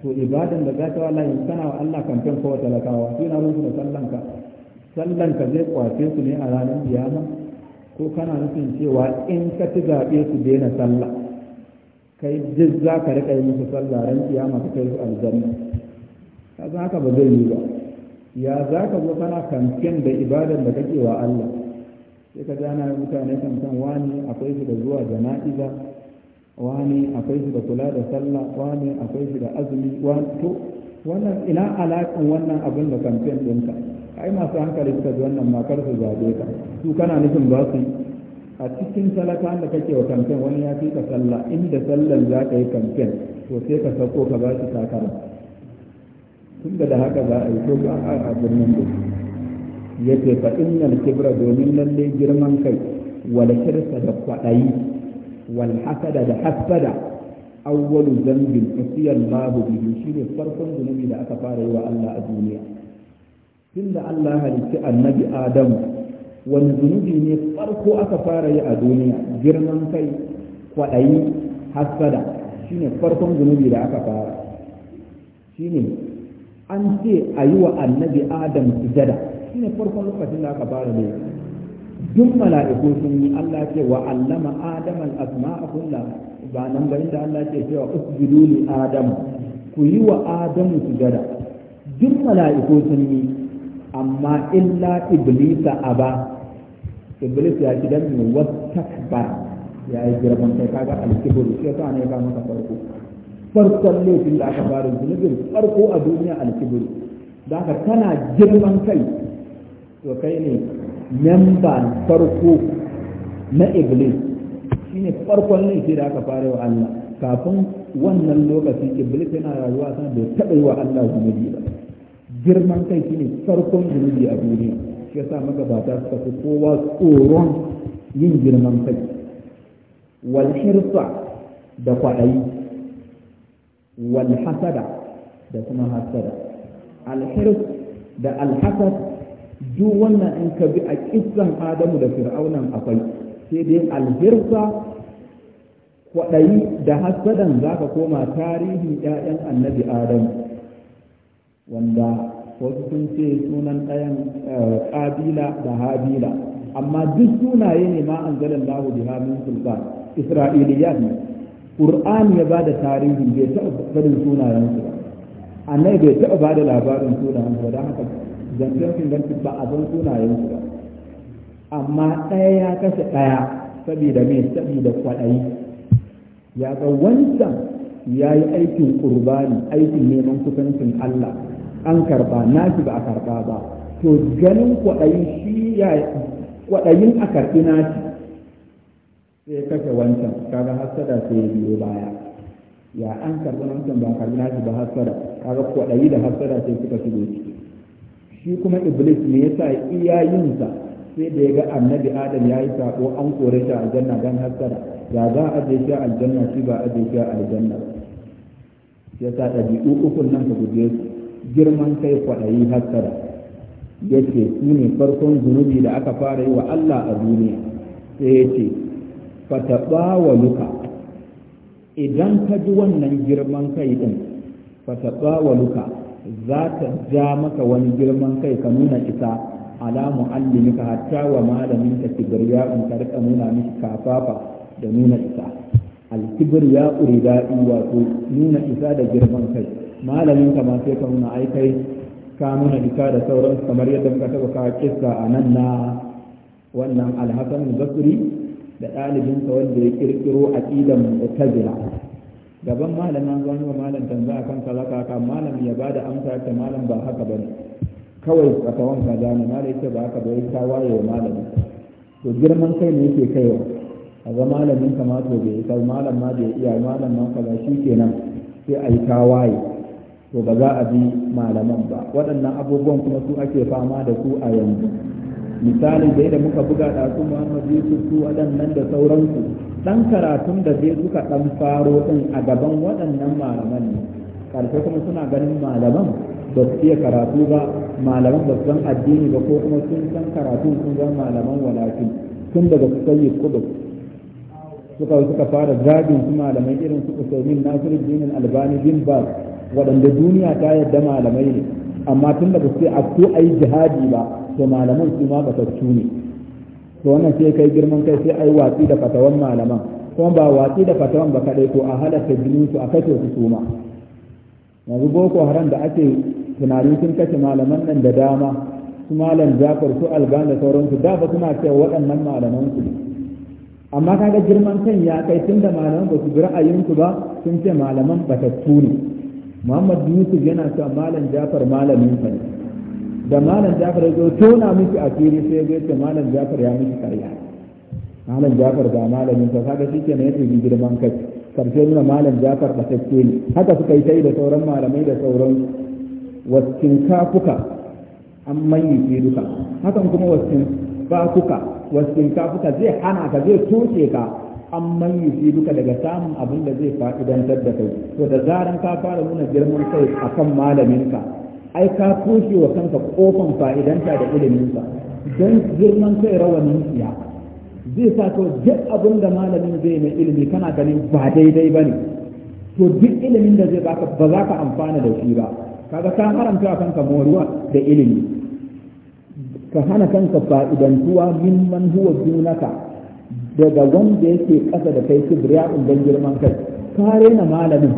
to ibadan da za ta wala in kana wa Allah kamfen ko talakawa shi na da sallanka sallanka zai kwace su ne a ranar kiyama ko kana nufin cewa in ka ci zaɓe su daina sallah kai duk za ka riƙa yi musu sallah ran kiyama ka kai su aljanna ka haka ba zai yi ba ya za ka zo kana kamfen da ibadar da kake wa Allah sai ka jana mutane kamfen wani akwai shi da zuwa jana'iza wani akwai shi da kula da sallah wani akwai shi da azumi wato wannan ina alaƙin wannan abin da kamfen ɗinka ai masu hankali suka ji wannan makar su zaɓe ka su kana nufin ba su a cikin talaka da kake wa kamfen wani ya fi ka sallah inda sallan za ka yi kamfen to sai ka sauko ka ba shi takara tunda da haka za a yi to ba a birnin da ya ce fa al kibra domin lalle girman kai wal kirsa da kwaɗayi wal hasada da hasada awwalu zambin asiya Allah bihi shine farkon zunubi da aka fara yi wa Allah a duniya tunda Allah halitta annabi Adam wani zunubi ne farko aka fara yi a duniya girman kai kwaɗayi hasada shine farkon zunubi da aka fara shine an ce a yi wa annabi adam sujada shi ne farkon lokacin da aka fara ne duk mala'iku sun yi Allah ce wa allama adam al-asma'a kulla ba nan ba inda Allah ce cewa usjudu li adam ku yi wa adamu sujada duk mala'iku sun yi amma illa iblisa aba iblis ya ci dan mu ya yi girman kai kaga al-kibru sai ta ne ka maka farko farkon laifin da aka fara zunubin farko a duniya al'kibiru, da aka tana girman kai to kai ne memba farko na iblis shine farkon laifi da aka fara wa Allah kafin wannan lokaci iblis yana rayuwa sana bai taɓa yi wa Allah zunubi ba girman kai shine farkon zunubi a duniya shi ya sa magabata suka fi kowa tsoron yin girman kai wal da kwaɗayi wal hasada da kuma hasada alhirs da alhasad duk wannan in ka bi a kissan adamu da fir'aunan akwai sai dai alhirsa kwaɗayi da hasadan za ka koma tarihin 'ya'yan annabi adamu wanda wasu sun ce sunan ɗayan ƙabila eh, da habila amma duk sunaye ne ma an zalan lahu biha min sultan isra'iliyat ne qur'ani ya bada tarihin bai taɓa faɗin sunayensu ba annai bai taɓa bada labarin sunayensu ba don haka zancen inganci ba a san sunayensu ba amma ɗaya ya kashe ɗaya saboda mai saboda kwaɗayi ya ga wancan ya yi aikin ƙurbani aikin neman kusancin Allah an karɓa shi ba a karɓa ba to ganin kwaɗayi shi ya kwaɗayin a karɓi shi sai kashe wancan kaga hasada sai biyo baya ya an karɓi wancan ba karɓi nashi ba hasada kaga kwaɗayi da hasada sai suka shigo ciki shi kuma iblis ne yasa iya yinsa sai da ya ga annabi adam ya yi sako an kore shi aljanna don hasada ya za a aje shi aljanna shi ba aje shi aljanna sa ɗabi'u ukun nan ka guje su girman kai kwaɗayi hasada yace su ne farkon zunubi da aka fara yi wa Allah a duniya sai ya ce luka. idan ka ji wannan girman kai din luka. za ta ja maka wani girman kai ka nuna isa ala muallimika hatta wa malamin ka ya in ka rika nuna miki kafafa da nuna isa ya uridai wato nuna isa da girman kai malamin ka ma sai ka nuna ai kai ka nuna isa da sauransu kamar yadda muka taba ka kissa a nan na wannan alhassan basri da ɗalibinsa wanda ya ƙirƙiro aƙidan mu'tazila gaban malam an zo wa malam tanzu akan kaza kaka malam ya bada amsa ta malam ba haka bane kawai fatawan kaza ne malam yake ba haka bane ta waye wa to girman kai ne yake kaiwa a ga malamin ka ma to bai kai malam ma bai iya malam ma kaza kenan sai a yi waye to ba za a bi malaman ba waɗannan abubuwan kuma su ake fama da su a yanzu misali da yadda muka buga da su Muhammad Yusuf su waɗannan da sauransu ɗan karatun da zai suka ɗan faro ɗin a gaban waɗannan malaman ne karfe kuma suna ganin malaman ba su iya karatu ba malaman ba su san addini ba ko kuma sun san karatun sun zama malaman walafi tun daga su sayi kudu suka suka fara zagin su malamai irin su Usaimin Nasiruddin Albani bin Baz waɗanda duniya ta yadda malamai ne amma tun da su ce a ko ai jihadi ba to malaman su ma batattu ne to wannan sai kai girman kai sai ai watsi da fatawan malaman kuma ba watsi da fatawan ba kadai to a halatta jinin su a kace su su ma yanzu boko haram da ake tunanin sun kace malaman nan da dama su malam jafar su alban da sauransu da ba suna cewa waɗannan malaman su amma kaga girman kan ya kai tun da malaman ba su bi ra'ayinku ba sun ce malaman batattu ne muhammad yusuf yana cewa malam jafar malamin sa ne da malam jafar ya zo tona miki a fili sai ya ce malam jafar ya miki karya malam jafar ba malamin ta kaga shi kenan yake girman kai karshe nuna malam jafar da sakke ne haka suka yi tai da sauran malamai da sauran wasin kafuka an mayyuke duka hakan kuma wasin kafuka wasin kafuka zai hana ka zai toce ka an mayyuke duka daga samun abin da zai fa'idantar da kai to da zaran ka fara nuna girman kai akan malamin ka ai ka toshe wa kanka kofan fa'idanta da iliminsa don girman kai rawanin siya zai sa to duk abin da malamin zai mai ilimi kana ganin ba daidai ba ne to duk ilimin da zai baka ba za ka amfana da shi ba kaga ka haramta kanka moruwa da ilimi ka hana kanka fa'idantuwa mimman huwa junaka daga wanda yake kasa da kai kibriya don girman kai ka rena malamin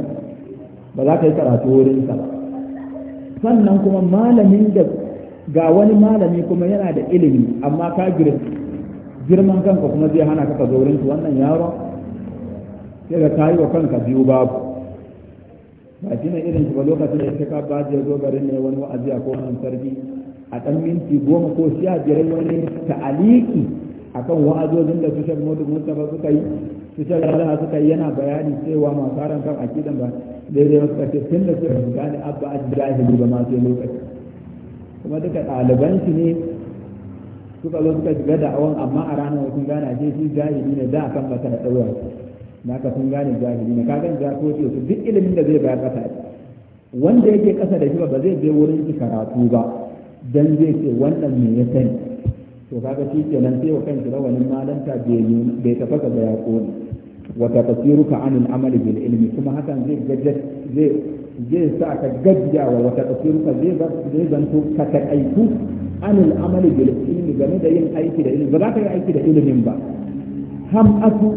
ba za ka yi karatu wurinsa ba sannan kuma malamin da ga wani malami kuma yana da ilimi amma ka girman kanka kuma zai hana ka zaurin su wannan yaro sai ka yi wa kanka biyu babu ba shi ne irin shi ba lokacin da ya ka ba ya zo garin ne wani wa'azi a kowane sarki a ɗan minti goma ko sha biyar wani ta'aliki akan wa'azojin da su shek mutu mustafa suka yi su shek rana suka yi yana bayani cewa masu haram kan akidan ba daidai wasu kashe tun da suka gane abba a jahili ba masu lokaci kuma duka ɗaliban shi ne suka zo suka shiga da'awan amma a ranar sun gane a shi jahili ne da kan masa da ɗaura na ka sun gane jahili ne kagan ja ko ce su duk ilimin da zai bayar ƙasa wanda yake ƙasa da shi ba zai je wurin shi karatu ba dan zai ce wannan me ya sani to kaga shi kenan sai wa kanki rawanin malanta bai tafasa ba ya kone wa tafsiruka anil amali bil ilmi kuma hakan zai gajjar zai zai sa ka gajjawa wa tafsiruka zai zai zanto ka taƙaitu anil amali bil ilmi game da yin aiki da ilmi ba za ka yi aiki da ilimin ba ham asu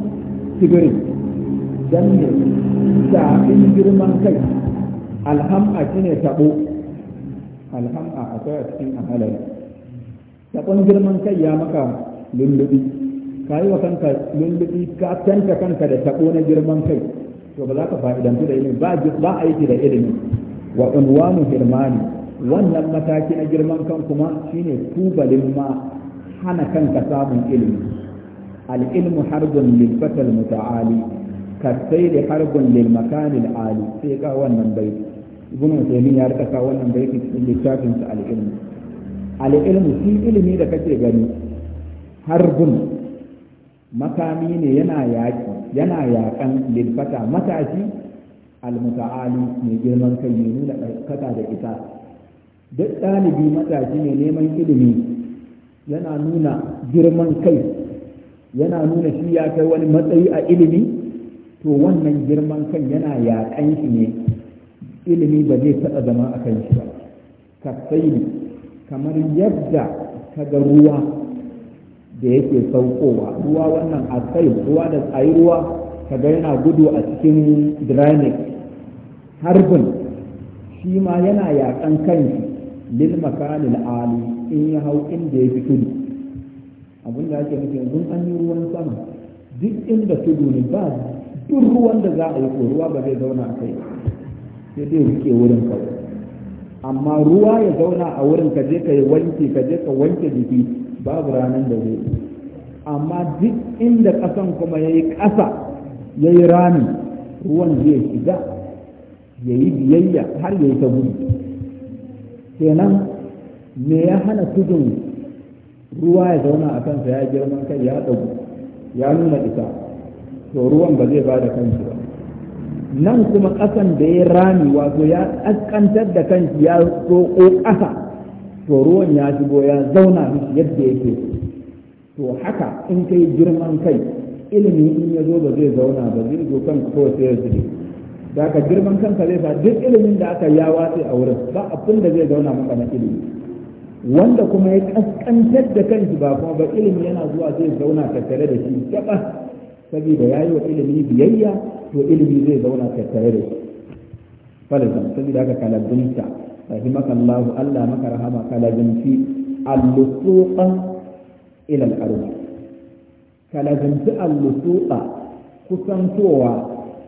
tibirin dan ne zaɓin girman kai alham'a shine tabo alham'a akwai a cikin ahalari sakon girman kai ya maka lullubi ka yi wa kanka lullubi ka tanka kanka da tabo na girman kai to ba za ka fa'idantu da ilimi ba ba aiki da ilimi wa unwanu hirmani wannan mataki na girman kan kuma shine tubalin ma hana kanka samun ilimi al-ilmu harbun lil fatal muta'ali kasaili harbin lil makanil ali sai ka wannan baiti ibnu taymin ya rika ka wannan baiti cikin littafin sa al al'ilmu shi ilimi da kake gani harbin makami ne yana yaƙi yana yaƙan lilfata matashi al al-muta'ali mai girman kai mai nuna ɗaukaka da ita duk ɗalibi matashi ne neman ilimi yana nuna girman kai yana nuna shi ya kai wani matsayi a ilimi to wannan girman kai yana yaƙan shi ne ilimi ba zai taɓa zama a kan shi ba kafai kamar yadda kaga ruwa da yake saukowa ruwa wannan kai ruwa da tsayi ruwa kaga yana gudu a cikin drainage harbin shi ma yana yakan kanshi lil makanil ali in ya hau inda ya fi tudu abin da ake nufi yanzu an yi ruwan sama duk inda tudu ne ba duk ruwan da za a yi ko ruwa ba zai zauna a kai sai dai rike wurin kawai amma ruwa ya zauna a wurin ka je ka yi wanke ka je ka wanke jiki babu ranar da zai amma duk inda ƙasan kuma ya yi ƙasa ya yi rami ruwan zai shiga ya yi biyayya har ya yi ta gudu kenan me ya hana tudun ruwa ya zauna a kansa ya girman kai ya ɗagu ya nuna isa to ruwan ba zai bada da kansu ba nan kuma ƙasan da ya rami wato ya ƙasƙantar da kanshi ya roƙo ƙasa to ruwan ya shigo ya zauna mishi yadda yake to haka in kai girman kai ilimi in ya zo ba zai zauna ba zai zo kan ko sai ya zube da ka girman kanka zai sa duk ilimin da aka ya watse a wurin ba abin da zai zauna maka na ilimi wanda kuma ya ƙasƙantar da kanshi ba kuma ba ilimi yana zuwa zai zauna tattare da shi gaba saboda ya yi wa ilimi biyayya to ilimi zai zauna tattare da shi falazan saboda haka kalazumta rahimakallahu Allah maka rahama kalazumci allusuqa ila al-ardh kalazumci allusuqa kusantowa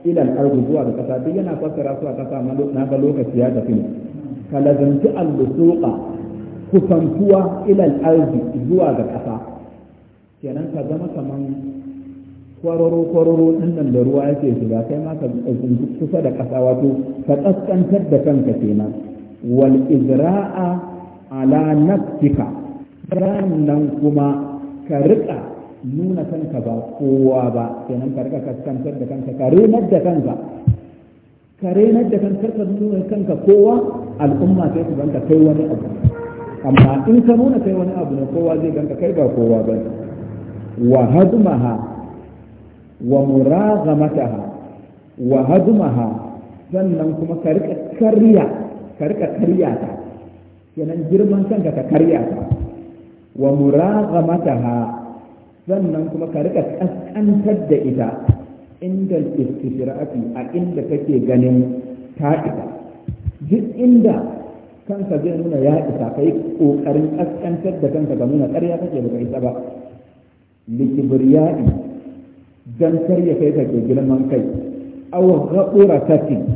ila al-ardh zuwa ga kasa duk yana fassara su a kasa na ga lokaci ya tafi kalazumci allusuqa kusantuwa ila al-ardh zuwa ga kasa kenan ka zama kaman kwararo kwararo ɗin nan da ruwa yake shiga kai ma ka kusa da ƙasa wato ka ƙasƙantar da kanka kenan wal izra'a ala nafsika nan kuma ka riƙa nuna kanka ba kowa ba kenan ka riƙa ƙasƙantar da kanka ka renar da kanka ka renar da kanka ka nuna kanka kowa al'umma sai su ganka kai wani abu amma in ka nuna kai wani abu ne kowa zai ganka kai ba kowa ba wa hazmaha wa muraghamataha wa hadumaha sannan kuma ka rika karya ka rika karya ta kenan girman kanka ka karya ta wa muraghamataha sannan kuma ka rika kaskantar da ita inda istishra'ati a inda kake ganin ta ita duk inda kanka zai nuna ya isa kai kokarin kaskantar da kanka ga nuna ƙarya kake baka isa ba likibriyai don karya kai ka ke girman kai aw ghauratatin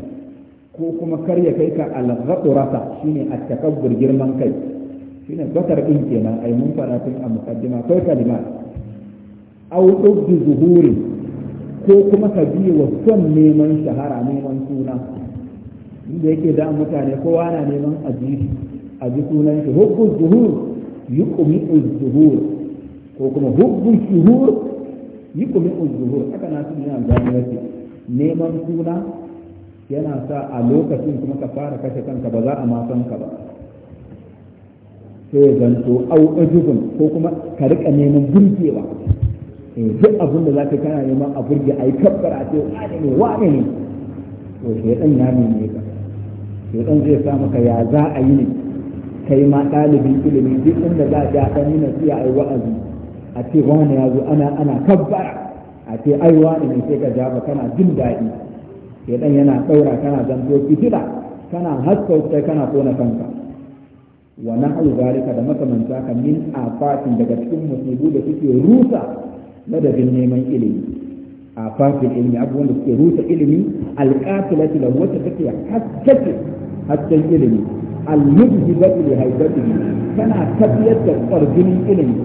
ko kuma karya kai ka al ghaurata shine at takabbur girman kai shine bakar din kenan ai mun fara tun a muqaddima kai kalima aw ubdu zuhuri ko kuma ka biye wa son neman shahara neman suna inda yake da mutane kowa na neman aji aji sunan shi hubbu zuhur yuqmi zuhur ko kuma hubbu shuhur yi kumin uzuhur haka na sun yana zaɓi neman suna yana sa a lokacin kuma ka fara kashe kanka ba za a ma san ka ba sai zanto au ajubun ko kuma ka rika neman burgewa eh, duk abin da za ka kana neman a burge ai kabbar a ce wane ne wane ne to dan ya nemi ka Sai dan zai sa maka ya za a yi ne kai ma ɗalibin ilimi duk inda za a ja ɗan yi a ai wa'azi a ce wani ya zo ana ana kabbara a ce ai wani ne sai ka ja ba kana jin daɗi dan yana ɗaura kana zanto fitila kana haskauta kana kona kanka wa na na'u zalika da makamanta ka min a fatin daga cikin musibu da suke rusa ladabin neman ilimi a fatin ilimi abubuwan da suke rusa ilimi alqatilati lahu wata take haskace hasken ilimi al-mujhibatu li haibatihi kana tafiyar da ƙwarjinin ilimi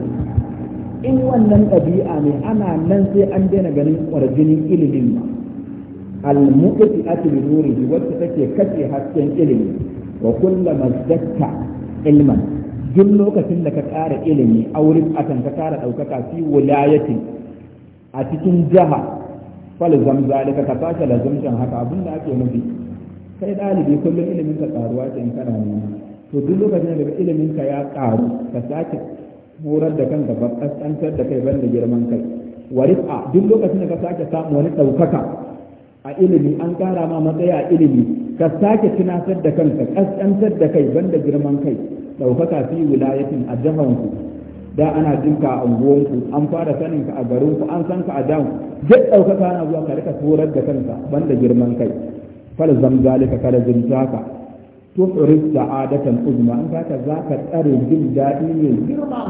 in wannan ɗabi'a ne ana nan sai an daina ganin ƙwarjinin ilimin ba al-muqti atli nurihi wacce take kace hasken ilimi wa kullama zakka ilman duk lokacin da ka ƙara ilimi a wurin atan ka ƙara ɗaukaka fi wilayatin a cikin jaha falzam zalika ka sake lazumtan haka abin da ake nufi kai ɗalibi kullum ilimin ka ƙaruwa ce in kana nema to duk lokacin da ilimin ka ya ƙaru ka sake horar da kanka ba kaskantar da kai ban da girman kai wa a duk lokacin da ka sake samu wani ɗaukaka a ilimi an kara ma matsaya a ilimi ka sake tunatar da kanka kaskantar da kai ban da girman kai ɗaukaka fi wilayatin a ku. da ana jinka a unguwanku an fara sanin ka a garinku an san ka a dan duk ɗaukaka na zuwa ka rika horar da kanka ban da girman kai fal zalika kada zumta tuhrif sa'adatan uzma in za ka tsare jin daɗi mai girma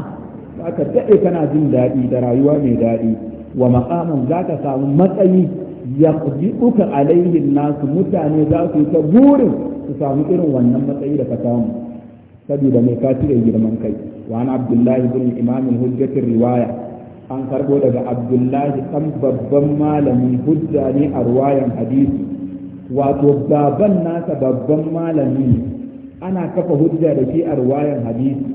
za ka daɗe kana jin daɗi da rayuwa mai daɗi wa maqaman za ka samu matsayi ya uka alaihin nasu mutane za su ta burin su samu irin wannan matsayi da ka samu saboda mai ka cire girman kai wa an abdullahi bin imamin hujjatin riwaya an karbo daga abdullahi ɗan babban malamin hujja ne a riwayan hadisi wato baban nasa babban malami ana kafa hujja da shi a ruwayan hadisi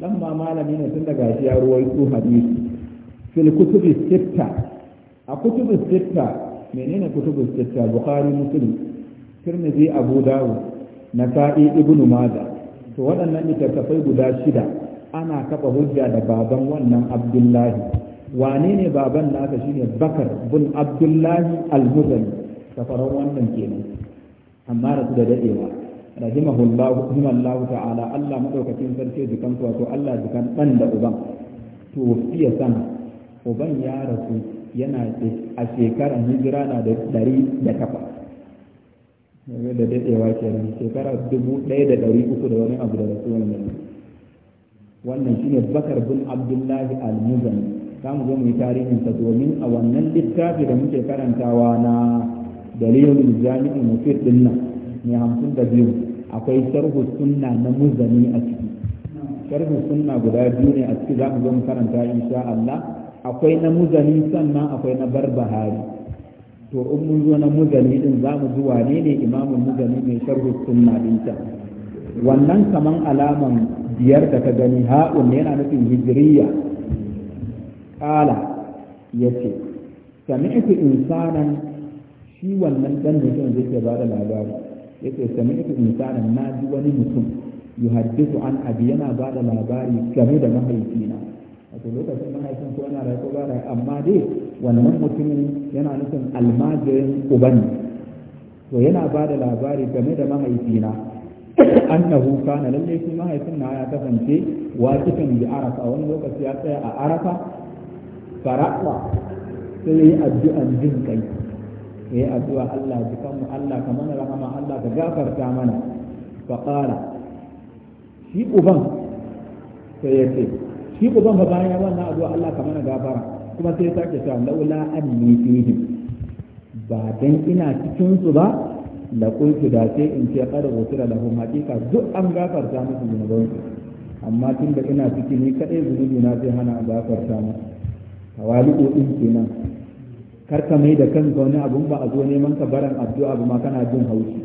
dan ma malami ne tun daga shi ya ruwaito hadisi fil kutubi sitta a kutubi sitta menene kutubi sitta bukhari muslim tirmidhi abu dawud nasa'i ibnu majah to waɗannan littattafai guda shida ana kafa hujja da baban wannan abdullahi wane ne baban nasa shine bakar bin abdullahi al-muzani safaran wannan kenan amma da su da dadewa rahimahullahu himallahu ta'ala Allah madaukakin sarki jikan wato Allah jikan dan da uban to fiye san uban ya rasu yana a shekara hijira na da dari da takwas da daɗewa kenan shekara dubu ɗaya da ɗari uku da wani abu da rasuwan yanzu wannan shine bakar bin abdullahi al-muzani za mu zo mu yi tarihinsa domin a wannan littafi da muke karantawa na dalilin jami'in mufid din mai hamsin da biyu akwai sharhu sunna na muzani a ciki sharhu sunna guda biyu ne a ciki za mu zo mu karanta insha Allah akwai na muzani sannan akwai na barbahari to in mun zo na muzani din za mu zuwa ne ne imamun muzani mai sharhu sunna din ta wannan kaman alaman biyar da ka gani ha'un ne yana nufin hijiriya kala yace sami'tu insanan shi wannan dan mutum zai ke bada labari yake sami ita misalin na ji wani mutum haddisu an abi yana bada labari game da mahaifina wato lokacin mahaifin ko yana rayu ko ba rayu amma dai wannan mutumin yana nufin almajirin uban to yana ba da labari game da mahaifina annahu kana lalle shi mahaifin na ya kasance wakitan bi arafa wani lokaci ya tsaya a arafa fara'a sai yi addu'an jin kai ka yi addu'a Allah ji kanmu Allah ka mana rahama Allah ka gafarta mana fa qala shi uban sai ya ce shi uban ba bayan wannan addu'a Allah ka mana gafara kuma sai ya sake cewa laula anni fihim ba dan ina cikin su ba la kuntu da sai in ce qad ghufira lahum haqiqa duk an gafarta musu zunubansu amma tun da ina ciki ni kadai zunubi na sai hana gafarta mu tawali'u din kenan kar ka mai da kanka wani abun ba a zo neman ka baran addu'a ba ma kana jin haushi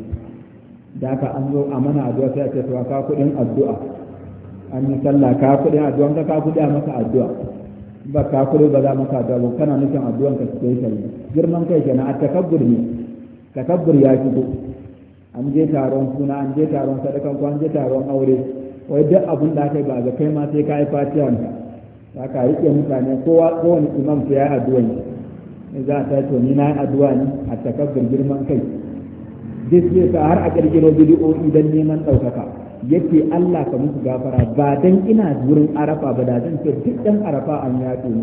da ka an zo a mana addu'a sai a ce to ka kuɗin addu'a an yi sallah ka kuɗin addu'a ka ka kuɗi a maka addu'a ba ka kuɗi ba za maka addu'a ba kana nufin addu'an ka sai yi. girman kai kenan a takabbur ne takabbur ya shigo an je taron suna an je taron sadakan ko an je taron aure wai duk abun da kai ba ga kai ma sai ka yi fatiyan ka ka yi mutane kowa kowane imam sai ya yi addu'a za a tashi ni na yi addu'a ne a takabbur girman kai duk sa har a kirkiro bidiyo'i don neman ɗaukaka yake Allah ka musu gafara ba dan ina wurin arafa ba da zan ce duk dan arafa an ya ni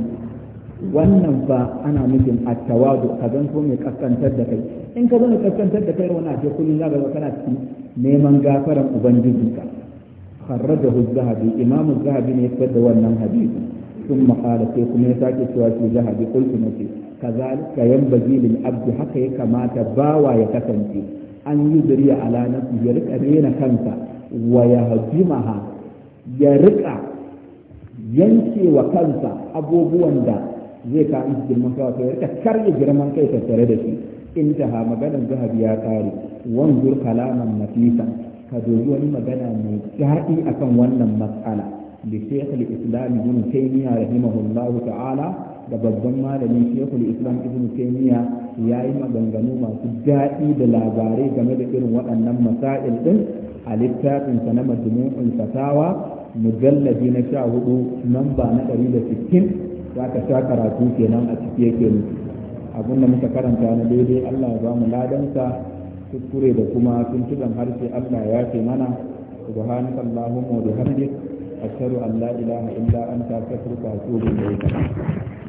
wannan ba ana nufin tawadu ka zan so mai kaskantar da kai in ka zama kaskantar da kai wani a kullum za ka zo kana cikin neman gafaran ubangiji ka kharrajahu az-zahabi imamu az-zahabi ne ya fitar da wannan hadisi kuma ya sake cewa su ذهبي قلت نسي kazalika yanbaghi lil abdi haka ya kamata bawa ya kasance an yi zuriya ala nafsi ya rika rena kansa wa yahdimaha ya rika yankewa kansa abubuwan da zai ka in girman kai ya rika karya girman kai tattare da shi in ta ha maganar zahabi ya kare wanzur kalaman nafisa ka dozi wani magana mai daɗi akan wannan matsala da shekul islam ibn taymiya rahimahullahu ta'ala da babban malami shekul islam ibn taymiya ya yi maganganu masu daɗi da labarai game da irin waɗannan masail ɗin a littafinsa na majmu'ul fatawa mujalladi na sha hudu nan na ɗari da sittin ka sha karatu kenan a ciki yake mu abin da muka karanta na daidai allah ya ba mu ladansa kuskure da kuma tuntuɓen harshe allah ya ce mana subhanaka allahumma wa bihamdik أشهد an لا ilaha إلا أنت أستغفرك وأتوب إليك